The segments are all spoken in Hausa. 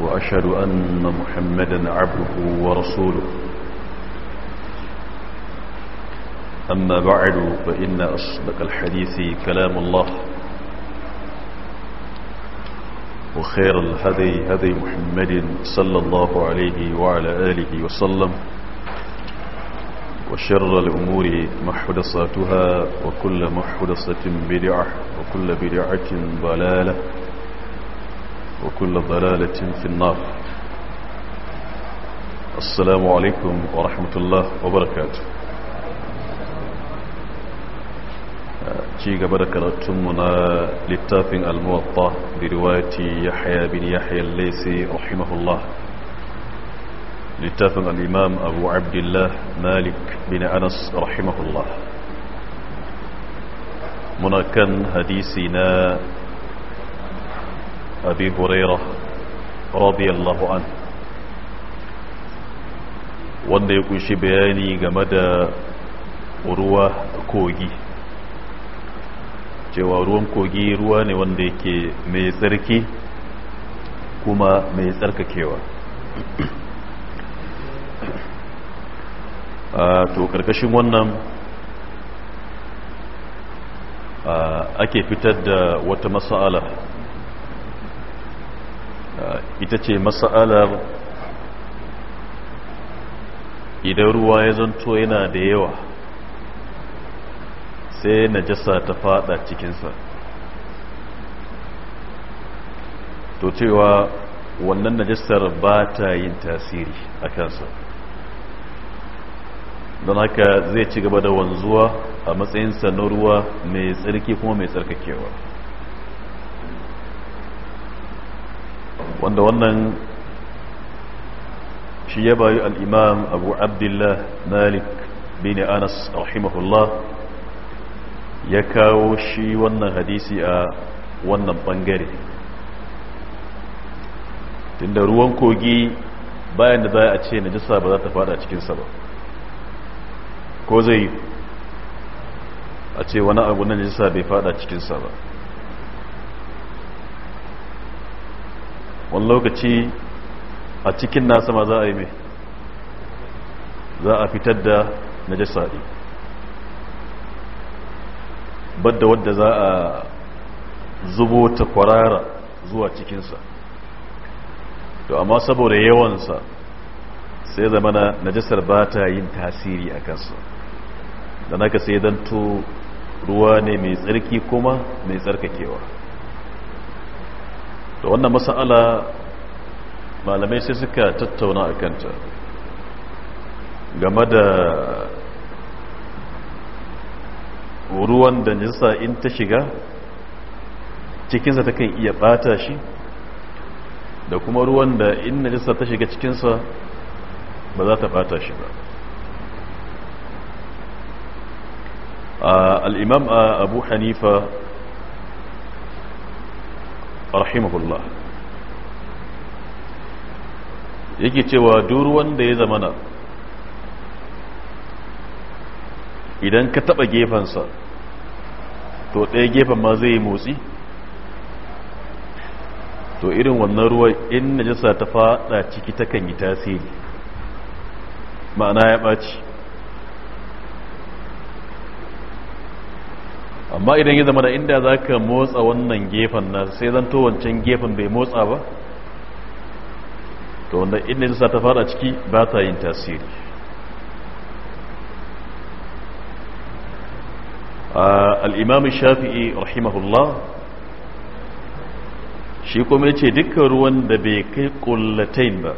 وأشهد أن محمدا عبده ورسوله أما بعد فإن أصدق الحديث كلام الله وخير الهدي هدي محمد صلى الله عليه وعلى آله وسلم وشر الأمور محدثاتها وكل محدثة بدعة وكل بدعة ضلالة وكل ضلالة في النار السلام عليكم ورحمة الله وبركاته بركة تمنا للتافن الموطة برواية يحيى بن يحيى الليسي رحمه الله للتافن الإمام أبو عبد الله مالك بن أنس رحمه الله منا كان حديثنا أبي هريرة رضي الله عنه wanda ya kunshi bayani game da ruwa kogi cewa ruwan kogi ruwa ne wanda yake mai tsarki kuma mai tsarkakewa to karkashin wannan ake fitar da wata masala Uh, ita ce mas'alar idan ruwa ya zanto yana da yawa sai najasa ta fada cikinsa to cewa wannan najasar ba ta yin tasiri a kansa don haka zai ci gaba da wanzuwa a matsayinsa na ruwa mai tsarki kuma mai tsarkakewa wanda wannan shi ya bayu al'imam abu abdullah malik bin anas rahimahullah ya kawo shi wannan hadisi a wannan bangare tunda ruwan kogi bayan da za a ce najasa ba za ta fada cikinsa ba ko zai a ce wani abu na najasa bai fada cikinsa ba wani lokaci a cikin nasa ma za a yi mai za a fitar da najasa ɗi badda wadda za a zubo ta kwarara zuwa cikinsa to amma saboda yawansa sai zamana najasar ba ta yin tasiri a kansa da naka sai danto ruwa ne mai tsarki kuma mai tsarkakewa da wannan masa'ala malamai sai suka tattauna a kanta game da ruwan da nisa in ta shiga cikinsa ta kan iya bata shi da kuma ruwan da in najisa ta shiga cikinsa ba za ta bata shi ba al'imam abu hanifa rahimahullah yake cewa duru wanda ya zamana idan ka taba gefensa to ɗaya gefen ma zai yi motsi to irin wannan ruwa in najasa ta faɗa ciki takan yi tasiri ma'ana ya ɓaci amma idan ya zama da inda za ka motsa wannan gefen na sai zan to wancan gefen bai motsa ba to wanda inda jinsa ta fara ciki ba ta yin tasiri al'imamin shafi'i rahimahullah shi kuma ce dukkan ruwan da bai kai kullatain ba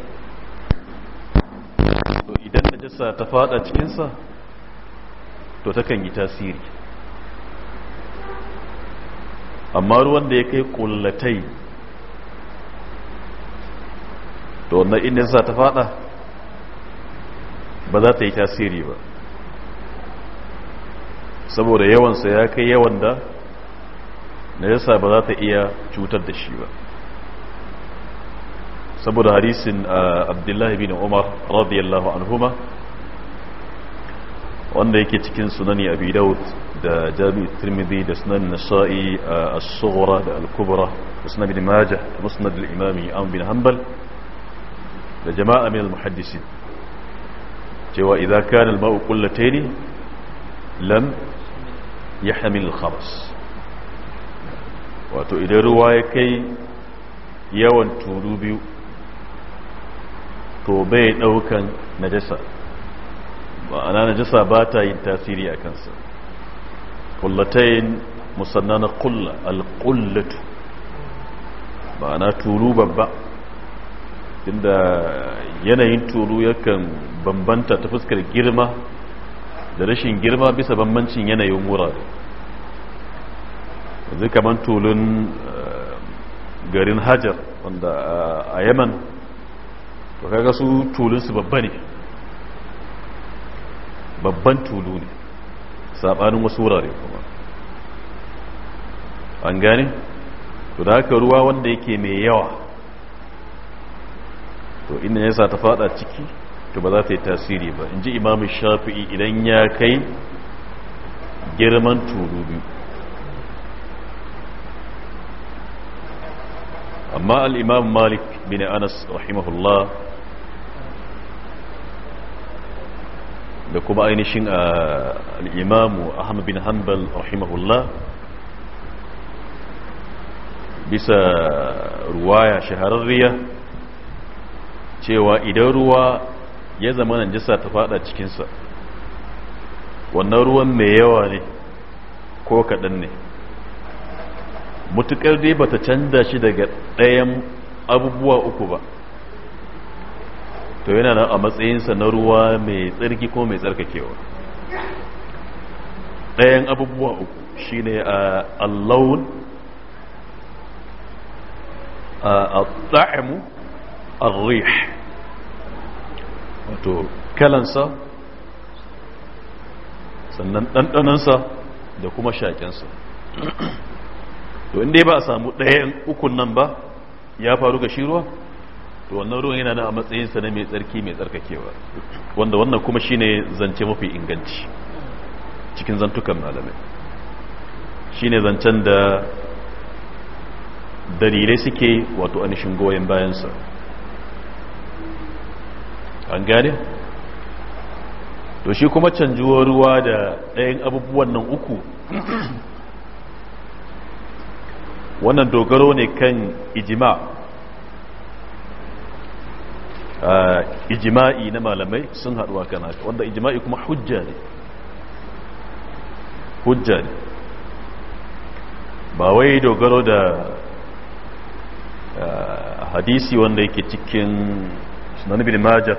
to idan najasa ta fada cikinsa to takan yi tasiri amma ruwan da ya kai kullatai to wannan inda za ta fada ba za ta yi tasiri ba saboda yawansa ya kai yawan da yasa ba za ta iya cutar da shi ba saboda hadisin abdullahi bin umar radiyallahu anhuma wanda yake cikin sunani abi daud da jami'u tirmidhi da sunan nasa'i as-sughra da al-kubra da sunan ibn majah da musnad al-imami am bin hanbal da jama'a min al-muhaddisin cewa idza kana al-ma'u qullatayn lam yahmil al-khabas wato idan ruwa ya kai yawan tulu biyu to bai daukan najasa ma'ana najasa ba ta yin tasiri a kansa kullatayn musannana qulla alqullatu ma'ana tulu babba inda yanayin tulu yakan bambanta ta fuskar girma da rashin girma bisa bambancin yanayin wurare yanzu kamar tulun eh, garin hajar wanda eh, a yaman to kaga su tulunsu su babba ne babban tulu ne Saɓanin wasu wurare kuma an gane to da haka ruwa wanda yake mai yawa to inda yasa ta fada ciki to ba za ta yi tasiri ba in ji imamu shafi'i idan ya kai girman turu biyu amma al'imam malik bin anas rahimahullah da kuma ainihin ah, al'imamu ahmad bin hanbal rahimahullah bisa ruwaya shahararriya cewa idan ruwa ya zama nan jisa ta fada cikinsa wannan ruwan mai yawa ne ko kaɗan ne mutuƙar dai bata canza shi daga ɗayan abubuwa uku ba to yana nan a matsayinsa na ruwa mai tsarki ko mai tsarkakewa ɗayan abubuwa uku ne a allawun a ta'imu a wato kalansa sannan ɗanɗanansa da kuma shaƙensa to inda ba a samu ɗayan ukun nan ba ya faru ga shi ruwa to wannan ruwan yana nan a matsayinsa na mai tsarki mai tsarkakewa wanda wannan kuma shine zance mafi inganci cikin zantukan malamai shine zancen da dalilai suke wato anishin goyon bayansa an gane to shi kuma canjuwar ruwa da ɗayan abubuwan nan uku wannan dogaro ne kan ijima ijima'i na malamai sun haɗu a kan haka wanda ijima'i kuma hujja ne hujja ne ba wai dogaro da hadisi wanda yake cikin sunan bin majah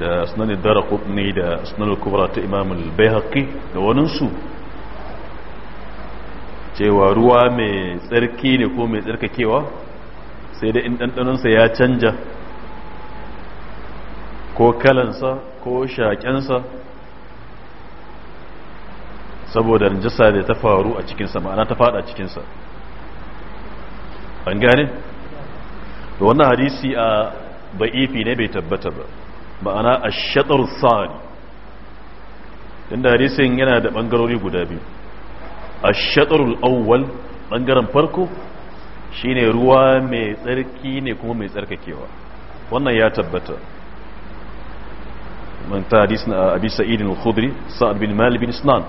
da sunan dara kudni da sunan kubra ta imam al-bayhaqi da waninsu cewa ruwa mai tsarki ne ko mai tsarkakewa sai dai in ɗanɗanonsa ya canja ko kalansa ko shaƙensa saboda najasa da ta faru a cikinsa ma'ana ta fada cikinsa an gane? da wannan hadisi a ba'ifi ne bai tabbata ba ma'ana a shatar sa'ani inda hadisin yana da ɓangarori guda biyu a shatar awwal ɓangaren farko shine ruwa mai tsarki ne kuma mai tsarkakewa wannan ya tabbata من تاريس أبي سعيد الخضري سعد بن مال بن سنان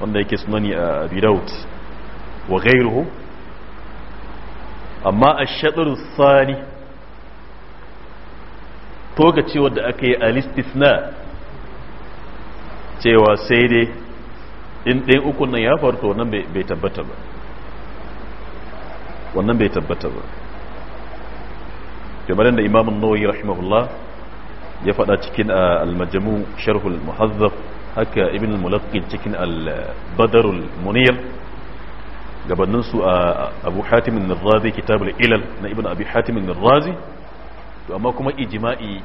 wanda yake sunani a abi daud wa ghairuhu amma ash-shatr thani toga cewa da aka yi al-istithna cewa sai dai in ɗayan ukun nan ya faru nan bai tabbata ba wannan bai tabbata ba kamar da imamun nawawi rahimahullah ya faɗa cikin al-majmu sharh al muhazzab haka ibn al-mulaqqi cikin al badr al munir gabanin su a abu hatim an-razi kitab al-ilal na ibn abi hatim an-razi to amma kuma ijma'i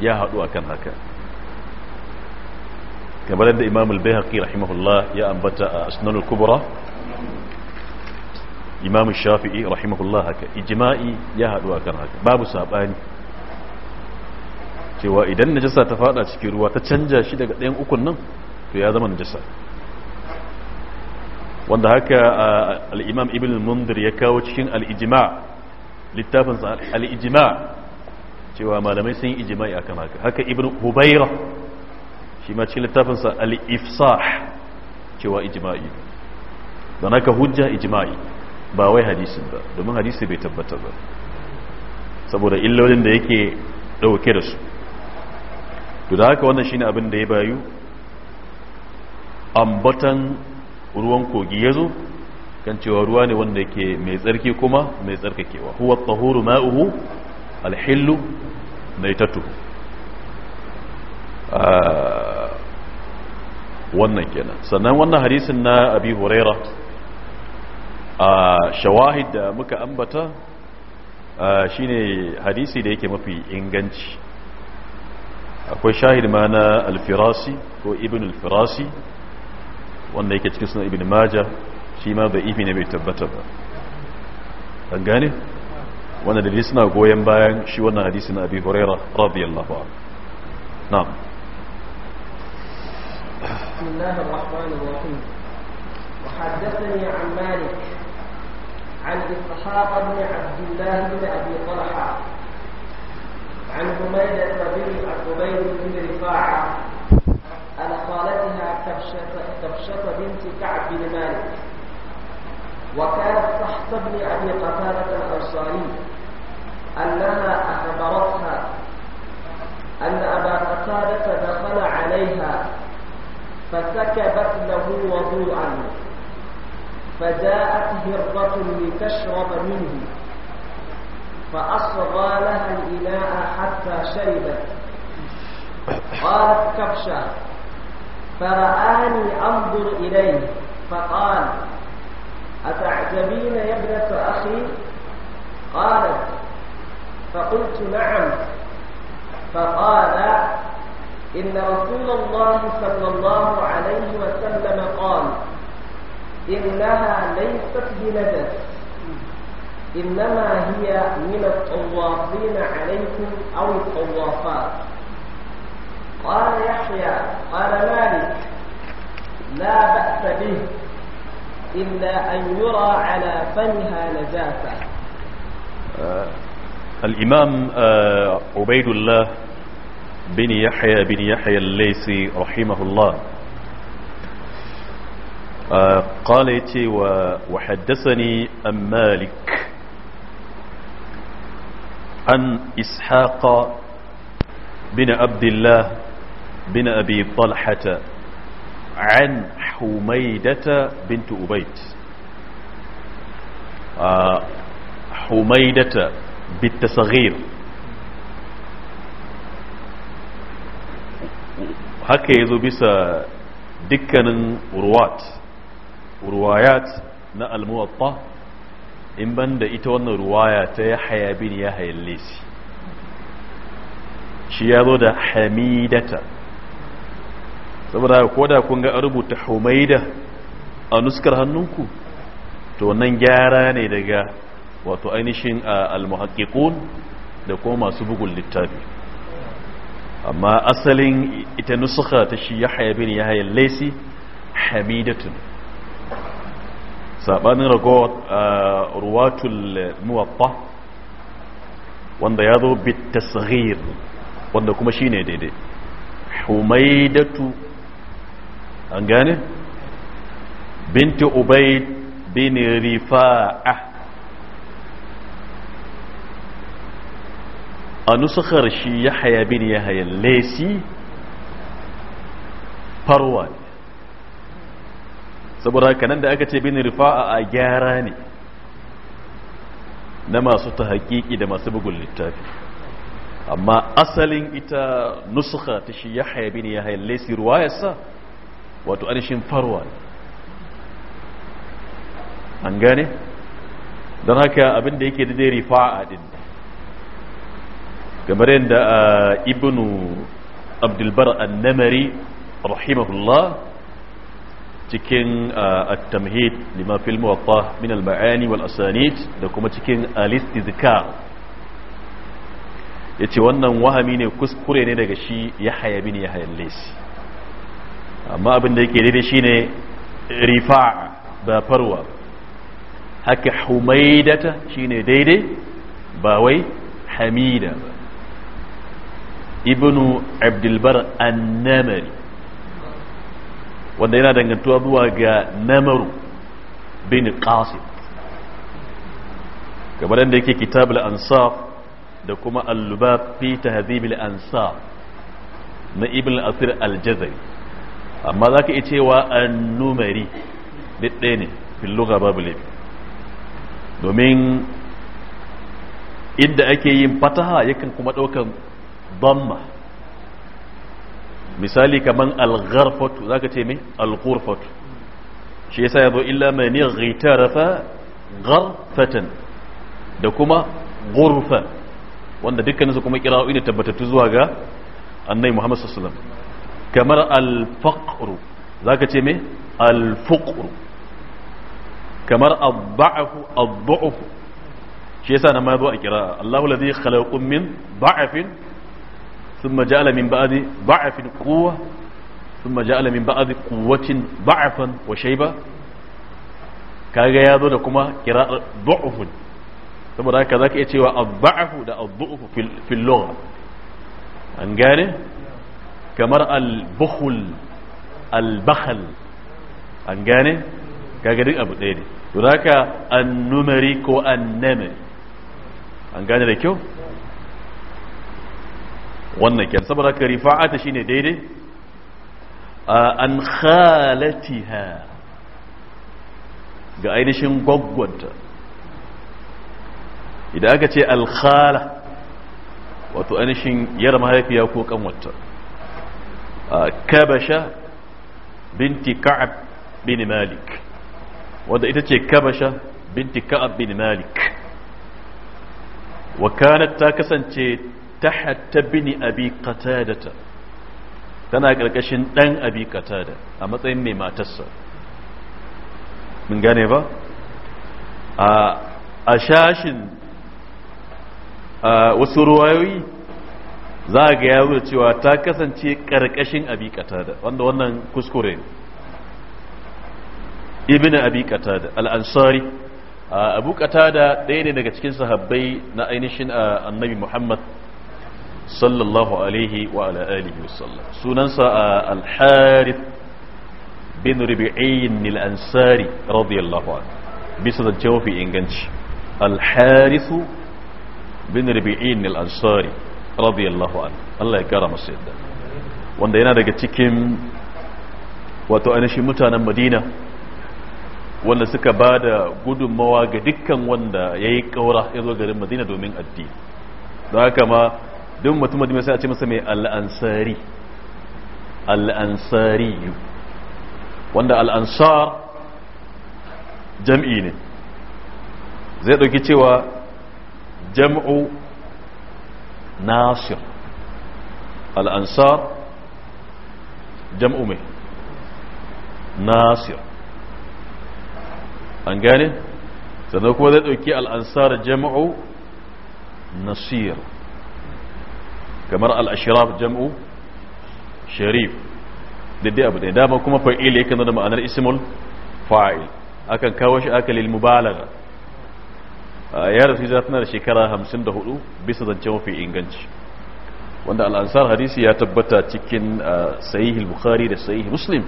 ya hadu akan haka kamar da imam al-bayhaqi rahimahullah ya ambata a asnanul kubra imam shafi'i rahimahullah haka ijma'i ya haɗu akan haka babu saɓani cewa idan najasa ta fada cikin ruwa ta canja shi daga ɗayan ukun nan to ya zama najasa wanda haka al-imam ibn mundir ya kawo cikin al-ijma littafin al-ijma cewa malamai sun yi ijma'i akan haka haka ibn hubayra shi ma cikin littafin sa al-ifsah cewa ijma'i don haka hujja ijma'i ba wai hadisin ba domin hadisi bai tabbata ba saboda illolin da yake dauke da su to da haka wannan shine abin da ya bayu ambatan ruwan kogi ya zo kan cewa ruwa ne wanda yake mai tsarki kuma mai tsarkakewa huwa tahuru ma'uhu alhillu maitatu ah, wannan kenan sannan wannan hadisin na abi hurairah a shawahid da muka ambata shine hadisi da yake mafi inganci akwai shahid ma na alfirasi ko ibn alfirasi wanda yake cikin suna ibn maja shi ma da ibi ne bai tabbata ba an gane wanda da suna goyon bayan shi wannan hadisi na abi huraira radiyallahu anhu na'am بسم الله الرحمن الرحيم وحدثني عن مالك عن إسحاق بن عبد الله بن أبي طلحة عن حميدة بن عبيد بن رفاعة عن خالتها كبشة, كبشة بنت كعب بن مالك وكانت تحت ابن أبي قتادة الأنصاري أنها أخبرتها أن أبا قتادة دخل عليها فسكبت له وضوءا فجاءت هرة لتشرب منه فأصغى لها الإناء حتى شربت قالت كبشة فرآني أنظر إليه فقال أتعجبين يا ابنة أخي قالت فقلت نعم فقال إن رسول الله صلى الله عليه وسلم قال إنها ليست بلذة إنما هي من الطوافين عليكم أو الطوافات قال يحيى قال مالك لا بأس به إلا أن يرى على فمها نجاسة آه، الإمام آه، عبيد الله بن يحيى بن يحيى الليسي رحمه الله قال يتي وحدثني أم مالك عن إسحاق بن عبد الله بن أبي طلحة عن حميدة بنت أبيت آه، حميدة بالتصغير صغير هكذا بس bisa وروات ruwayat na almuwatta in ban da ita wannan ruwaya ta ya haya bin ya hayalle shi shi ya zo da hamidata saboda ko da kun ga rubuta humaida a nuskar hannunku to nan gyara ne daga wato ainihin almuhaqiqun da kuma masu bugun littafi amma asalin ita nusukha ta shi ya haya bin ya hayalle lesi hamidatun saɓanin ragowar ruwatul muwatta wanda ya zo bitasghir wanda kuma shi ne daidai humaidatu an gane binti ubaid bin rifa'a a nusukar shi ya haya bin ya haya lesi farwa ne saboda haka nan da aka ce bin rifa'a a gyara ne na masu ta haƙiƙi da masu bugun littafi amma asalin ita nusuka ta shi ya haya bin ya haya lesi ruwayarsa wato anishin farwa ne an gane don haka abin da yake daidai rifa'a din kamar yadda a ibnu abdulbar annamari rahimahullah cikin uh, at-tamhid lima fil muwatta min al-ma'ani wal asanid da kuma cikin al-istizkar yace wannan wahami ne kuskure ne daga shi ya hayabi ne ya hayallesi amma abin da yake daidai shine rifa ba farwa haka humaidata shine daidai ba wai hamida ba ibnu abdulbar annamari wanda yana dangantuwa zuwa ga namaru bin qasim gabanin da yake kitab al-ansar da kuma al-lubab fi tahdhib al-ansar na ibn al-asir al-jazari amma zaka iya cewa an-numari ɗaya ne fil lugha domin inda ake yin fataha yakan kuma ɗaukan damma misali kaman al-gharfat zaka ce me al-ghurfat shi yasa yazo illa man yaghitarafa gharfatan da kuma ghurfa wanda dukkanin su kuma kira'o'i ne tabbatattu zuwa ga annabi Muhammad sallallahu alaihi wasallam kamar alfaqru za ka ce me al-fuqr kamar ad-da'fu ad-du'fu shi yasa na ma yazo a kira Allahu ladhi khalaqakum min da'fin ثم جعل من بعد ضعف قوة ثم جعل من بعد قوة ضعفا وشيبة kaga ya zo da kuma kira du'ufun saboda haka zaka iya cewa ad-da'fu da ad-du'fu fil an gane kamar al-bukhl an gane kaga duk abu to haka an-numari ko an an gane da kyau wannan ke saboda ka rifa'ata shine daidai an khalatiha ga ainihin gwaggwanta idan aka ce alkhala wato ainihin yar mahaifiya ko kanwata kabasha binti ka'ab bin malik wanda ita ce kabasha binti ka'ab bin malik wa kanat ta kasance tahatta bin abi qatadata tana karkashin dan abi qatada a matsayin mai matarsa mun gane ba a shashin wasu ruwayoyi za a ga yawo da cewa ta kasance karkashin abi qatada wanda wannan kuskure ne ibn abi qatada al-ansari abu qatada ɗaya ne daga cikin sahabbai na ainihin annabi muhammad sallallahu alaihi wa ala alihi wasallam sunansa uh, al bin rubi'in al-ansari radiyallahu anhu bisa zance mafi inganci al bin rubi'in al-ansari radiyallahu anhu Allah ya kara masa yadda wanda yana daga cikin wato ainihin mutanen Madina wanda suka ba da gudunmawa ga dukkan wanda ya yi ƙaura ya zo garin madina domin addini da haka ma duk mutum da sai a ce masa mai al'ansari al'ansari wanda al'ansar jam'i ne zai ɗauki cewa jam'u nasir al'ansar jam'u mai nasir an gane sannan kuma zai ɗauki al'ansar jam'u nasir kamar al-ashraf jam'u sharif daidai abu da dama kuma fa'il yakan da ma'anar ismul fa'il akan kawo shi aka lil mubalagha ya rasu hijira tana da shekara 54 bisa zance mafi inganci wanda al'ansar hadisi ya tabbata cikin sahihul bukhari da sahihul muslim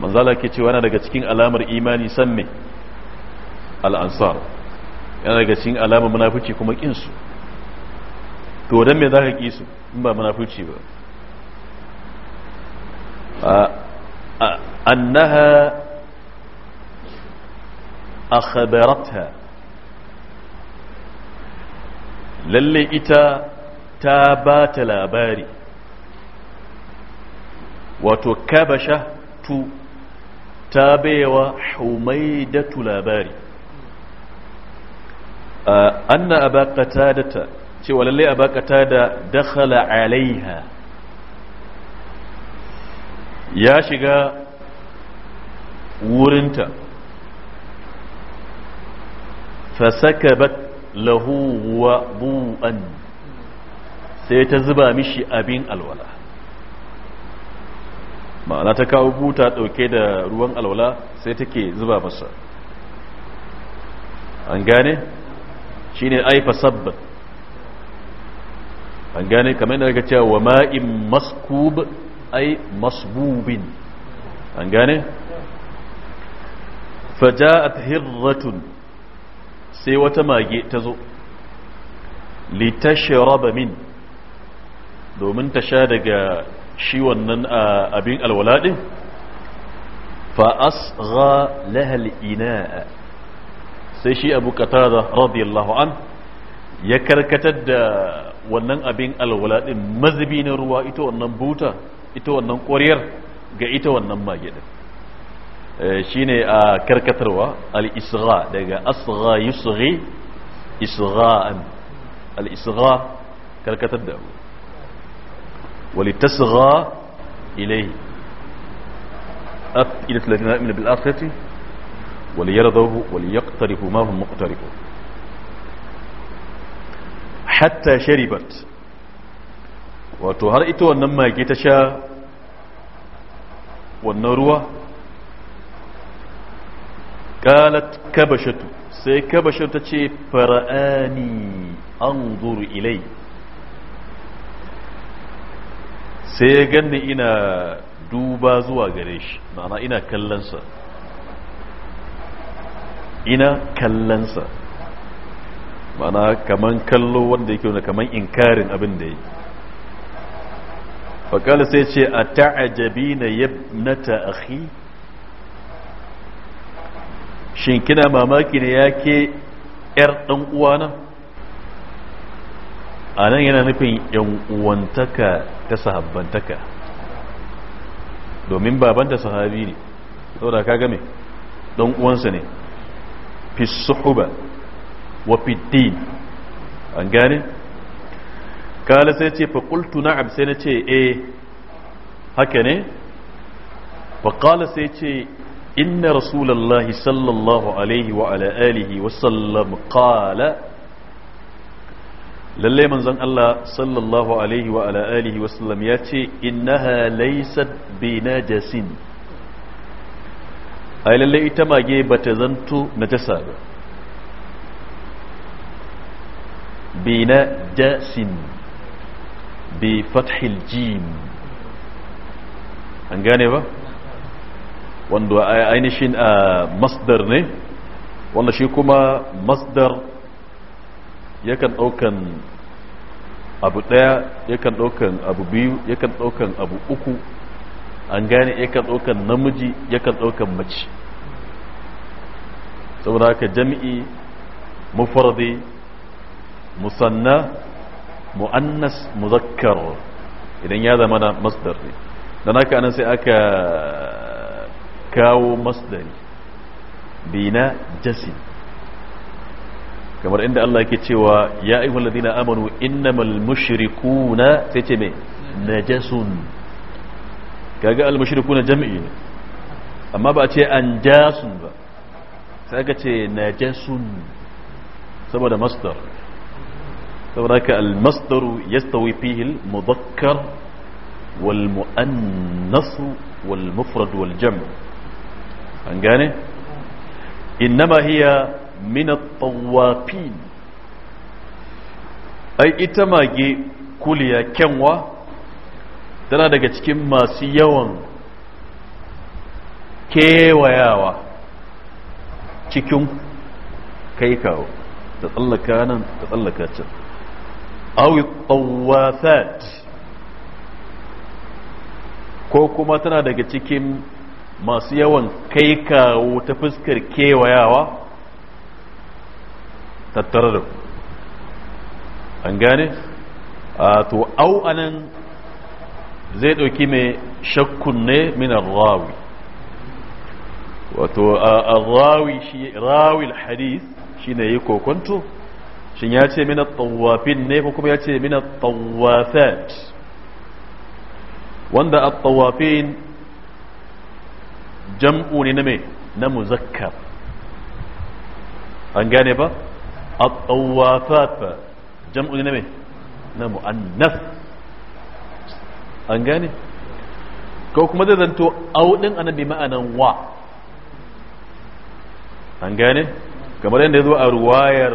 manzala ke cewa yana daga cikin alamar imani san me al'ansar yana daga cikin alamar munafiki kuma kinsu to dan me ka ki su in ba munafurci ba annaha akhbaratha lalle ita ta ba ta labari wato kabasha tu ta baiwa humaidatu labari anna aba qatadata cewa lalle ta da dakhala alaiha ya shiga wurinta fasakabat lahu wa bu'an sai ta zuba mishi abin alwala ma'ana ta kawo buta dauke da ruwan alwala sai take zuba masa an gane shine ai sabbat an gane kamar yadda cewa wa ma'in maskub ai masbubin an gane faja'at hirratun sai wata mage ta zo litashraba min domin ta sha daga shi wannan abin alwala din fa asgha sai shi Abu Qatada radiyallahu an ya karkatar da wannan abin alwala din mazubi na ruwa ita wannan buta ita wannan ƙwariyar ga ita wannan mage eh, Shi ne a karkatarwa al-isgha daga asgha yusghi isgha'an al-isgha karkatar da abu walitasgha ilayhi ila 30 min bil akhirati وليرضوه وليقترفوا ما هم مقترفون hatta sharibat wato har ita wannan mage ta sha wannan ruwa qalat kabashatu sai kabashatu ta ce fara'ani anzur ilai sai ya ganni ina duba zuwa gare shi ma'ana ina kallansa. ina kallonsa mana kaman kallo wanda yake wani kaman inkarin abin da yi faƙal sai ce a ta'ajabi na yabnata akhi shin kina mamaki ne ya ke ‘yar ɗan uwana a nan yana nufin ‘yan uwantaka ta sahabbantaka domin babanta sahabi ne saboda ka game ɗan uwansa ne fi suhuba wa fiddin an gane kala sai ce fa qultu na'am sai na ce eh haka ne fa qala sai ce inna rasulullahi sallallahu alaihi wa ala alihi wa sallam kala lalle manzon Allah sallallahu alaihi wa ala alihi wa sallam ya ce innaha laysat bi najasin ai lalle ita mage bata zanto najasa ba بنجس بفتح الجيم an gane ba wanda ainihin a masdar ne wanda shi kuma masdar yakan ɗaukan abu ɗaya yakan ɗaukan abu biyu yakan ɗaukan abu uku an gane yakan ɗaukan namiji yakan ɗaukan mace saboda haka jami'i mufardi musanna mu'annas muzakkar idan ya zama na masdar ne don haka anan sai aka kawo masdari bina jasi kamar inda Allah yake cewa ya ayyuhal ladina amanu innamal mushrikuna sai ce me najasun kaga al mushrikuna jam'i ne amma ba a ce an jasun ba sai aka ce najasun saboda masdar saboda ka masdaru yastawi fihi al-mudhakkar wal muannas wal an gane innama hiya min tawafin ai ita mage kuliya kyanwa tana daga cikin masu yawan kewayawa cikin kai kawo Ta tsallaka nan ta tsallaka can awi tawafat ko kuma tana daga cikin masu yawan kai kawo ta fuskar kewayawa tattara da an gane to au anan zai ɗauki mai shakkun ne minar rawi wato a rawi shi rawil hadith shi ne yi kokonto shin ya ce mina tawafin ne ko kuma ya ce mina tawafat wanda a tawafin jam'u ne na mai na muzakkar an gane ba a tawafat jam'u ne na mai na mu'annas an gane ko kuma zai zanto audin annabi ma'anan wa an gane kamar yadda zo a ruwayar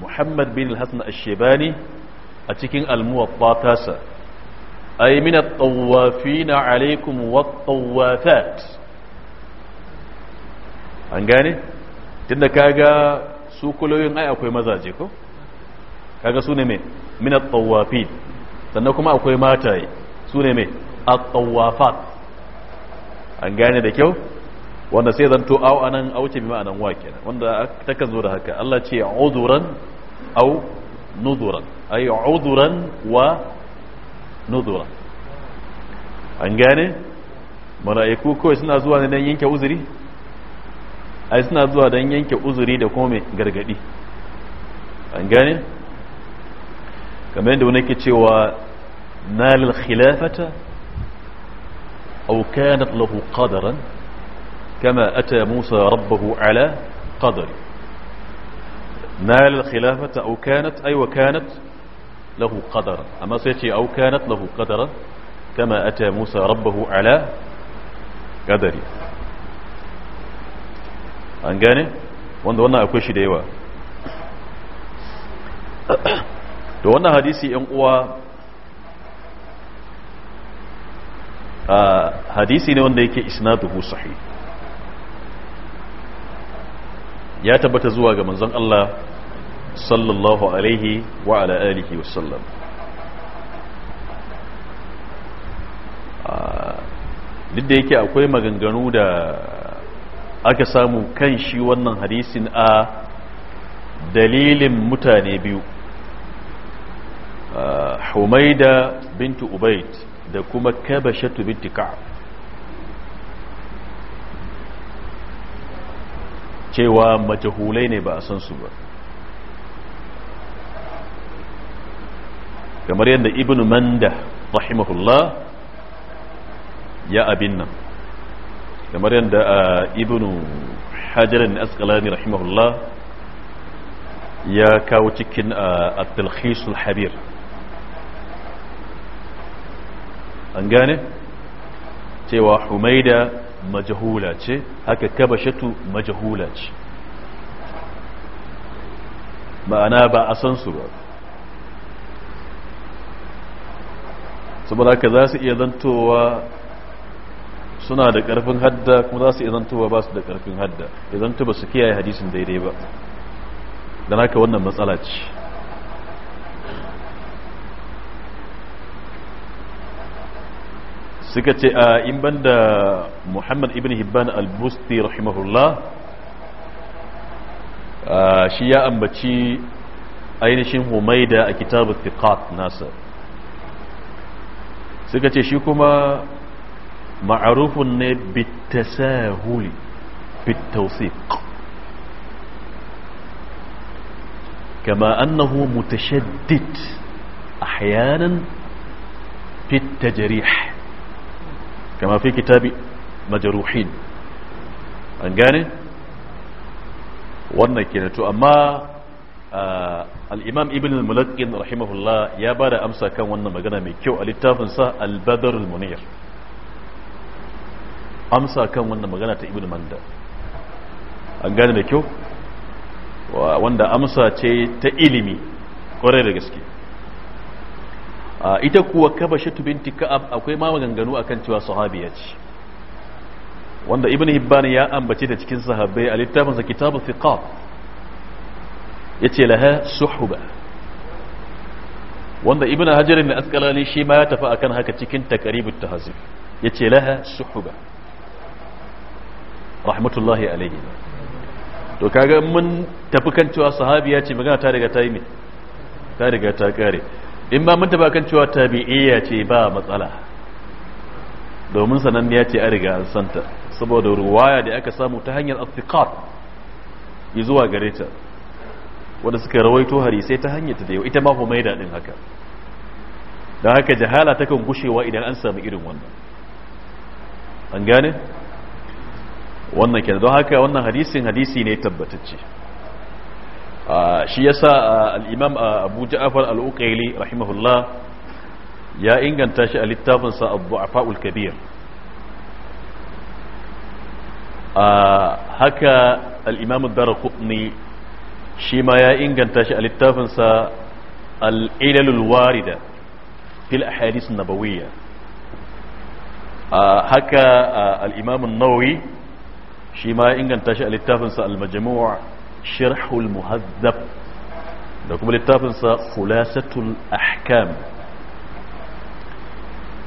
muhammad bin al-hassan al a cikin almuwatta tasa ay min at-tawafina alaykum wat-tawafat an gane tunda kaga su kuloyin ai akwai mazaje ko kaga su ne me min at-tawafin sannan kuma akwai mataye su ne me at-tawafat an gane da kyau wanda sai zanto au anan au ce bi ma'anan wa kenan wanda takan zo da haka Allah ce uduran au nuduran ay uduran wa nuduran an gane mala'iku kawai suna zuwa ne don yanke uzuri ai suna zuwa don yanke uzuri da kuma mai gargadi an gane kamar yadda wani ke cewa nalil khilafata au kanat lahu qadaran كما أتى موسى ربه على قدر نال الخلافة أو كانت أي وكانت له قدر أما سيأتي أو كانت له قدر كما أتى موسى ربه على قدر أنجاني وانا وانا أكوي شي ديوا دو وانا حديثي انقوى آه، حديثي نوان ديكي إسناده صحيح ya tabbata zuwa ga manzon Allah sallallahu alaihi wa ala alihi wa sallam ah, duk da yake akwai maganganu da aka samu kan shi wannan hadisin a dalilin mutane biyu ah, humaida bintu ubaid da kuma kabashatu binti ka'ab cewa majahulai ne ba a san su ba kamar yadda ibn manda rahimahullah ya abin nan kamar yadda ibn hajjarin rahimahullah ya kawo cikin at habir an gane cewa humaida majahula ce haka kabashatu majahula ce ma'ana ba a san su ba saboda haka za su iya zantowa suna da ƙarfin hadda kuma za su iya zantowa ba su da ƙarfin hadda ya zanto ba su kiyaye hadisin daidai ba don haka wannan matsala ce suka ce a imban da muhammad ibn hibban al-busti rahimahullah shi ya ambaci ainihin humaida a kitabu thiqat nasa suka ce shi kuma ma'arufun ne bitasahuli bitawsiq كما أنه متشدد أحيانا في التجريح kama fi kitabi majaruhin an gane wannan kenato amma al'imam ibn al-mulakin rahimahullah ya ba da amsa kan wannan magana mai kyau a littafinsa al-badar al-munir amsa kan wannan magana ta ibn manda an gane da kyau wanda amsa ce ta ilimi kwarai da gaske Ah, ita kuwa kabashatu binti ka'ab akwai ma maganganu akan cewa sahabiya ce wanda ibn hibban ya ambace da cikin sahabbai a littafin sa kitabu thiqat yace laha suhuba wanda ibn hajar ne askalani shi ma ya tafi akan haka cikin taqribut tahzib yace laha suhuba rahmatullahi alayhi to kaga mun tafi kan cewa sahabiya ce magana ta riga ta yi ne ta riga ta kare in ba mun taba kan cewa tabi'iyya ce ba matsala domin sananniya ce a riga an santa saboda ruwaya da aka samu ta hanyar yi zuwa gare ta wanda suka rawaito hari sai ta hanyar ta da yau ita ma mai daɗin haka don haka jahala ta kan gushewa idan an samu irin wannan an gane wannan kenan don haka wannan hadisin hadisi ne tabbatacce shi yasa al-imam abu ja'far al-uqayli rahimahullah ya inganta shi a littafinsa abu kabir haka al'imamu dara Darqutni shi ma ya inganta shi a littafinsa al'ilalul warida fil ahadith an nabawiyya haka al-imam an nawawi shi ma ya inganta shi a sa al majmu sharhul muhazzab da kuma littafinsa khulasatul ahkam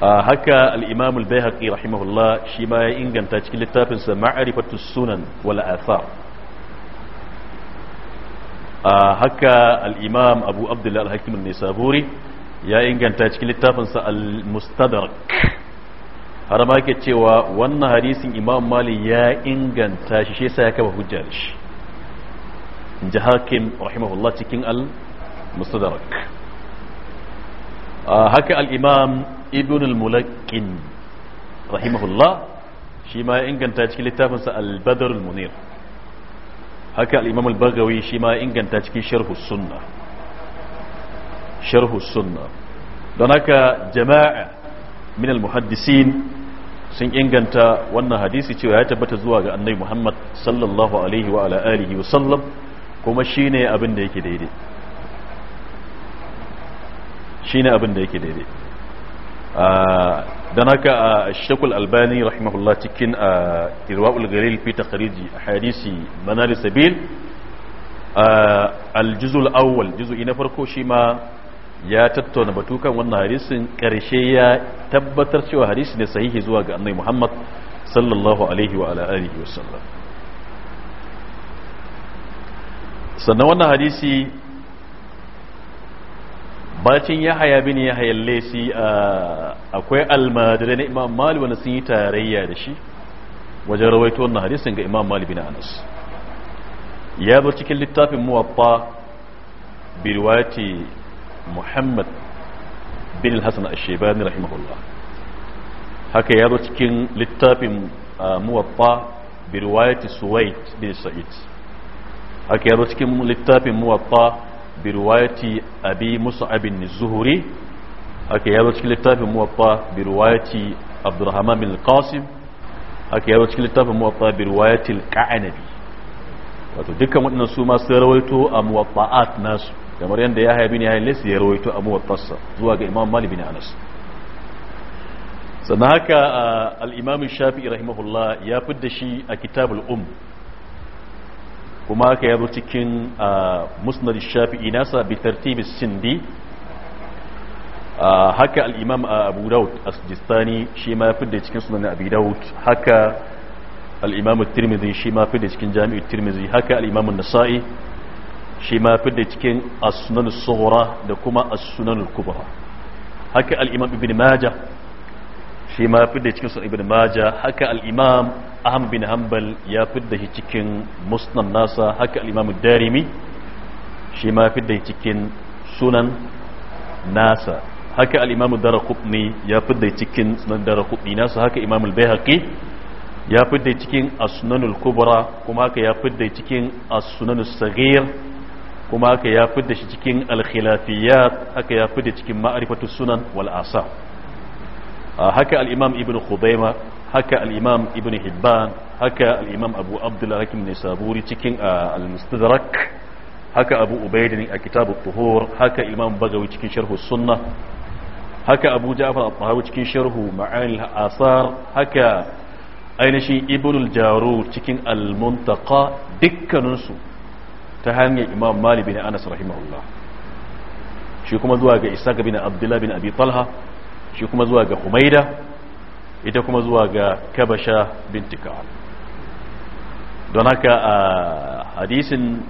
a haka al-imam al-baihaqi rahimahullah shi ma ya inganta cikin littafinsa ma'rifatus sunan wal athar a haka al-imam abu abdullah al-hakim an-nisaburi ya inganta cikin littafinsa al-mustadrak har ma yake cewa wannan hadisin imam mali ya inganta shi shi yasa ya kafa hujja da shi in rahimahullah cikin al-mustadrak ah, haka al-imam ibn al-mulaqin rahimahullah shi ma ya inganta cikin littafinsa al-badr al-munir haka al-imam al-bagawi shi ma ya inganta cikin sharhu sunna sharhu sunna don haka jama'a min al-muhaddisin sun inganta wannan hadisi cewa ya tabbata zuwa ga annabi Muhammad sallallahu alaihi wa ala alihi wa sallam kuma shi ne abin da yake daidai shi ne abin da yake daidai ah, don haka a ah, shekul albani rahimahullah cikin a ah, irwa'ul garil fi takhariji hadisi manali sabil aljuzul awwal juzu'i na farko shi ma ya tattauna batukan wannan hadisin karshe ya tabbatar cewa hadisi ne sahihi zuwa ga annabi Muhammad sallallahu alaihi wa alihi wasallam sannan wannan hadisi bacin ya yahaya bin yahaya lesi akwai almajirai na imam mali wanda sun yi tarayya da shi wajen rawaito wannan hadisin ga imam mali bin anas ya zo cikin littafin muwaffa birwati muhammad bin hassan ashebani rahimahullah haka ya zo cikin littafin muwaffa birwati suwait bin sa'id a kero cikin littafin muwatta bi riwayati abi mus'ab bin zuhri a kero cikin littafin muwatta bi riwayati abdurrahman bin qasim a kero cikin littafin muwatta bi riwayati al-qanabi wato dukkan waɗannan su ma sun rawaito a muwatta'at nasu kamar yadda ya haibi ne ya lis ya rawaito a muwattarsa zuwa ga imam malik bin anas sannan haka al-imam shafi'i rahimahullah ya fidda shi a kitabul umm kuma haka ya zo cikin musnad shafi'i nasa bi tartibi sindi haka al-imam abu daud as-sijistani shi ma fidda cikin sunan Abu daud haka al-imam at-tirmidhi shi ma fidda cikin jami'u at-tirmidhi haka al-imam an-nasa'i shi ma fidda cikin as-sunan as-sughra da kuma as-sunan al-kubra haka al-imam ibn majah shi ma fidda cikin sun ibn maja haka al'imam imam ahmad bin hanbal ya fidda shi cikin musnad nasa haka al darimi shi ma fidda shi cikin sunan nasa haka al-imam darqutni ya fidda shi cikin sunan darqutni nasa haka imam al-baihaqi ya fidda cikin as kubra kuma haka ya fidda cikin as-sunan kuma haka ya fidda shi cikin al haka ya fidda cikin ma'arifatu sunan wal asa. haka alimam ibn khudaima haka al ibn hibban haka al abu abdullah ne saburi cikin al-mustadrak haka abu ubaidin a kitabu tuhur haka imam bagawi cikin sharhu sunna haka abu jafar al-tahawi cikin sharhu ma'anil asar haka ainihin ibn al-jarur cikin al-muntaqa dukkaninsu ta hanyar imam malik bin anas rahimahullah shi kuma zuwa ga isa bin abdullah bin abi talha shi kuma zuwa ga humaida ita kuma zuwa ga kabasha binti ka'ab don haka a hadisin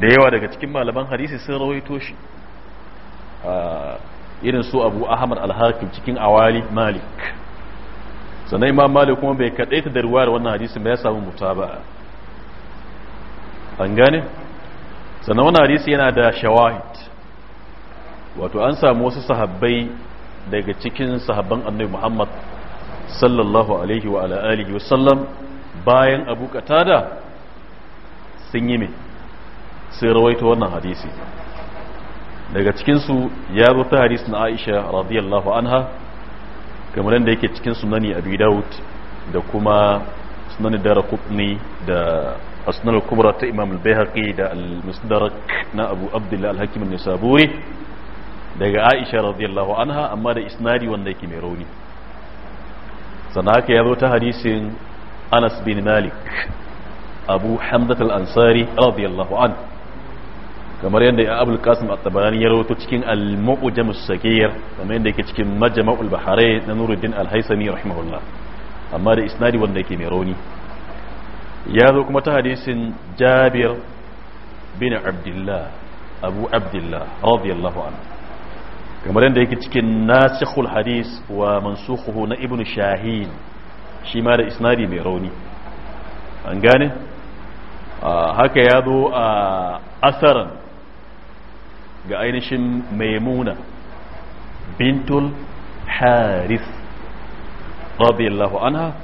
da yawa daga cikin malaman hadisi sun rawaito shi irin su abu ahmad al-hakim cikin awali malik sannan imam malik kuma bai kaɗaita ta ruwa da wannan hadisin ba ya samu mutaba an gane sannan wannan hadisi yana da shawahid wato an samu wasu sahabbai daga cikin sahabban annabi Muhammad sallallahu alaihi wa ala alihi wasallam bayan Abu Qatada sun yi me sai rawaito wannan hadisi daga cikin su ya zo ta hadisi na aisha radiyallahu anha kamar yadda yake cikin sunani abi Dawud da kuma sunani Darqutni da Asnal kubra ta imam al-bayhaqi da al-musdarak na abu abdullahi al-hakim an-nisaburi daga aisha radiyallahu anha amma da isnadi wanda yake mai rauni sannan ya zo ta hadisin anas bin malik abu hamdat al-ansari radiyallahu an kamar yadda ya abul kasim at-tabarani ya cikin al-mu'jam as-saghir kamar yadda yake cikin majama'ul bahrain na nuruddin al-haisami rahimahullah amma da isnadi wanda yake mai rauni ya zo kuma ta hadisin jabir bin abdullah abu abdullah radiyallahu anhu kamar yadda yake cikin nasikhul hadis wa mansukhuhu na ibnu shahin shi ma da isnadi mai rauni an gane haka ya zo a asaran ga ainihin maimuna bintul haris radiyallahu anha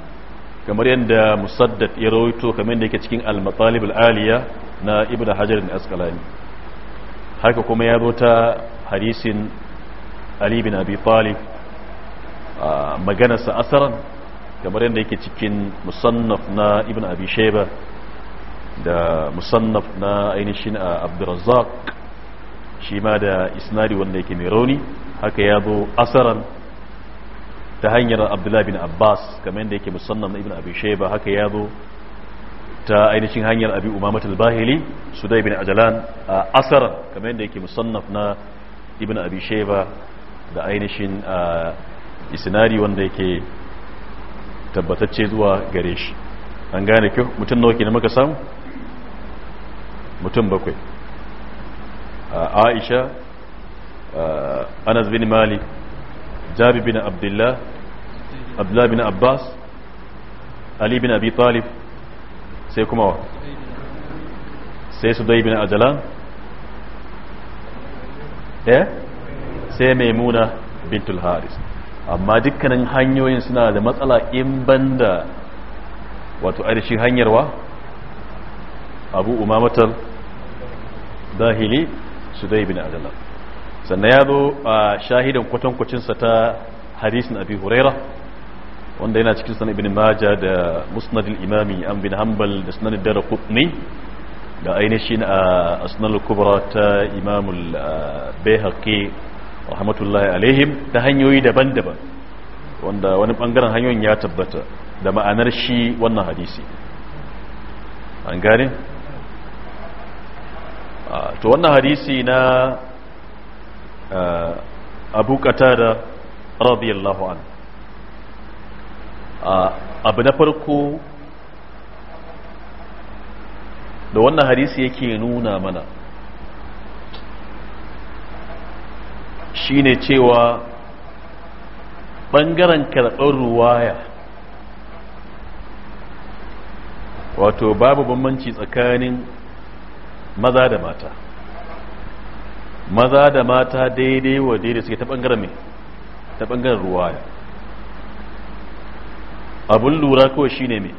kamar yadda musaddad ya rawaito kamar yadda yake cikin al-matalib al-aliya na ibnu hajar al-asqalani haka kuma ya zo ta hadisin ali bin abi talib maganarsa asaran kamar yadda yake cikin musannaf na ibn abi sheba da musannaf na ainihin abdurazzaq shi ma da isnadi wanda yake mai rauni haka ya zo asaran ta hanyar abdullahi bin abbas kamar yadda yake musannaf na ibn abi sheba haka ya zo ta ainihin hanyar abi umamat al-bahili sudai bin ajalan asaran kamar yadda yake musannaf na ibn abi sheba da ainihin isinari wanda yake tabbatacce zuwa gare shi an gane kyau mutum nawa kenan muka samu mutum bakwai aisha anas bin malik jabi bin abdullah abdullah bin abbas ali bin abi talib sai kuma wa sai su dai bin ajalan eh sai maimuna bintul haris amma dukkanin hanyoyin suna da matsala in banda wato arishi hanyarwa abu umamatar dahili su dai bin adala sannan ya zo a shahidan kwatankwacinsa ta harisun abi huraira wanda yana cikin sanar ibn maja da musnadin imami an bin hanbal da sunan dara kutni da ainihin a asnal kubra ta imamul bai rahmatullahi alaihim ta hanyoyi daban-daban wanda wani bangaren hanyoyin ya tabbata da ma'anar shi wannan hadisi an gane to wannan hadisi na abu qatada radiyallahu an abu na farko da wannan hadisi yake nuna mana shine cewa ɓangaren karɓar ruwaya wato babu bambanci tsakanin maza da mata maza da mata daidai wa daidai suke ta ɓangaren mai ta ɓangaren ruwaya abun lura kawai shine mai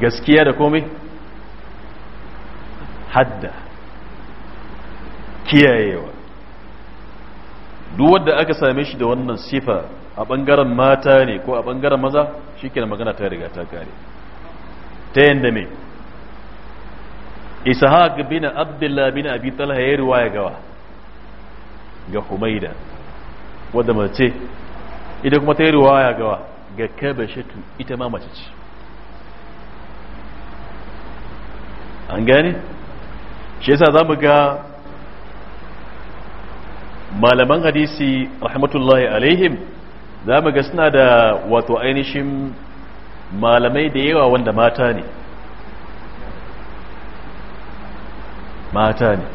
gaskiya da komai hadda kiyayewa duk wanda aka same shi da wannan sifa a bangaren mata ne ko a bangaren maza shikenan magana ta riga ta kare ta yanda me ishaq bin abdullah bin abi talha ya riwaya gawa ga humaida wadda mace ita kuma ta riwaya gawa ga kabashatu ita ma mace ce an gane shi yasa za mu ga malaman hadisi rahmatullahi alaihim za mu ga suna da wato ainihin malamai da yawa wanda mata ne mata ne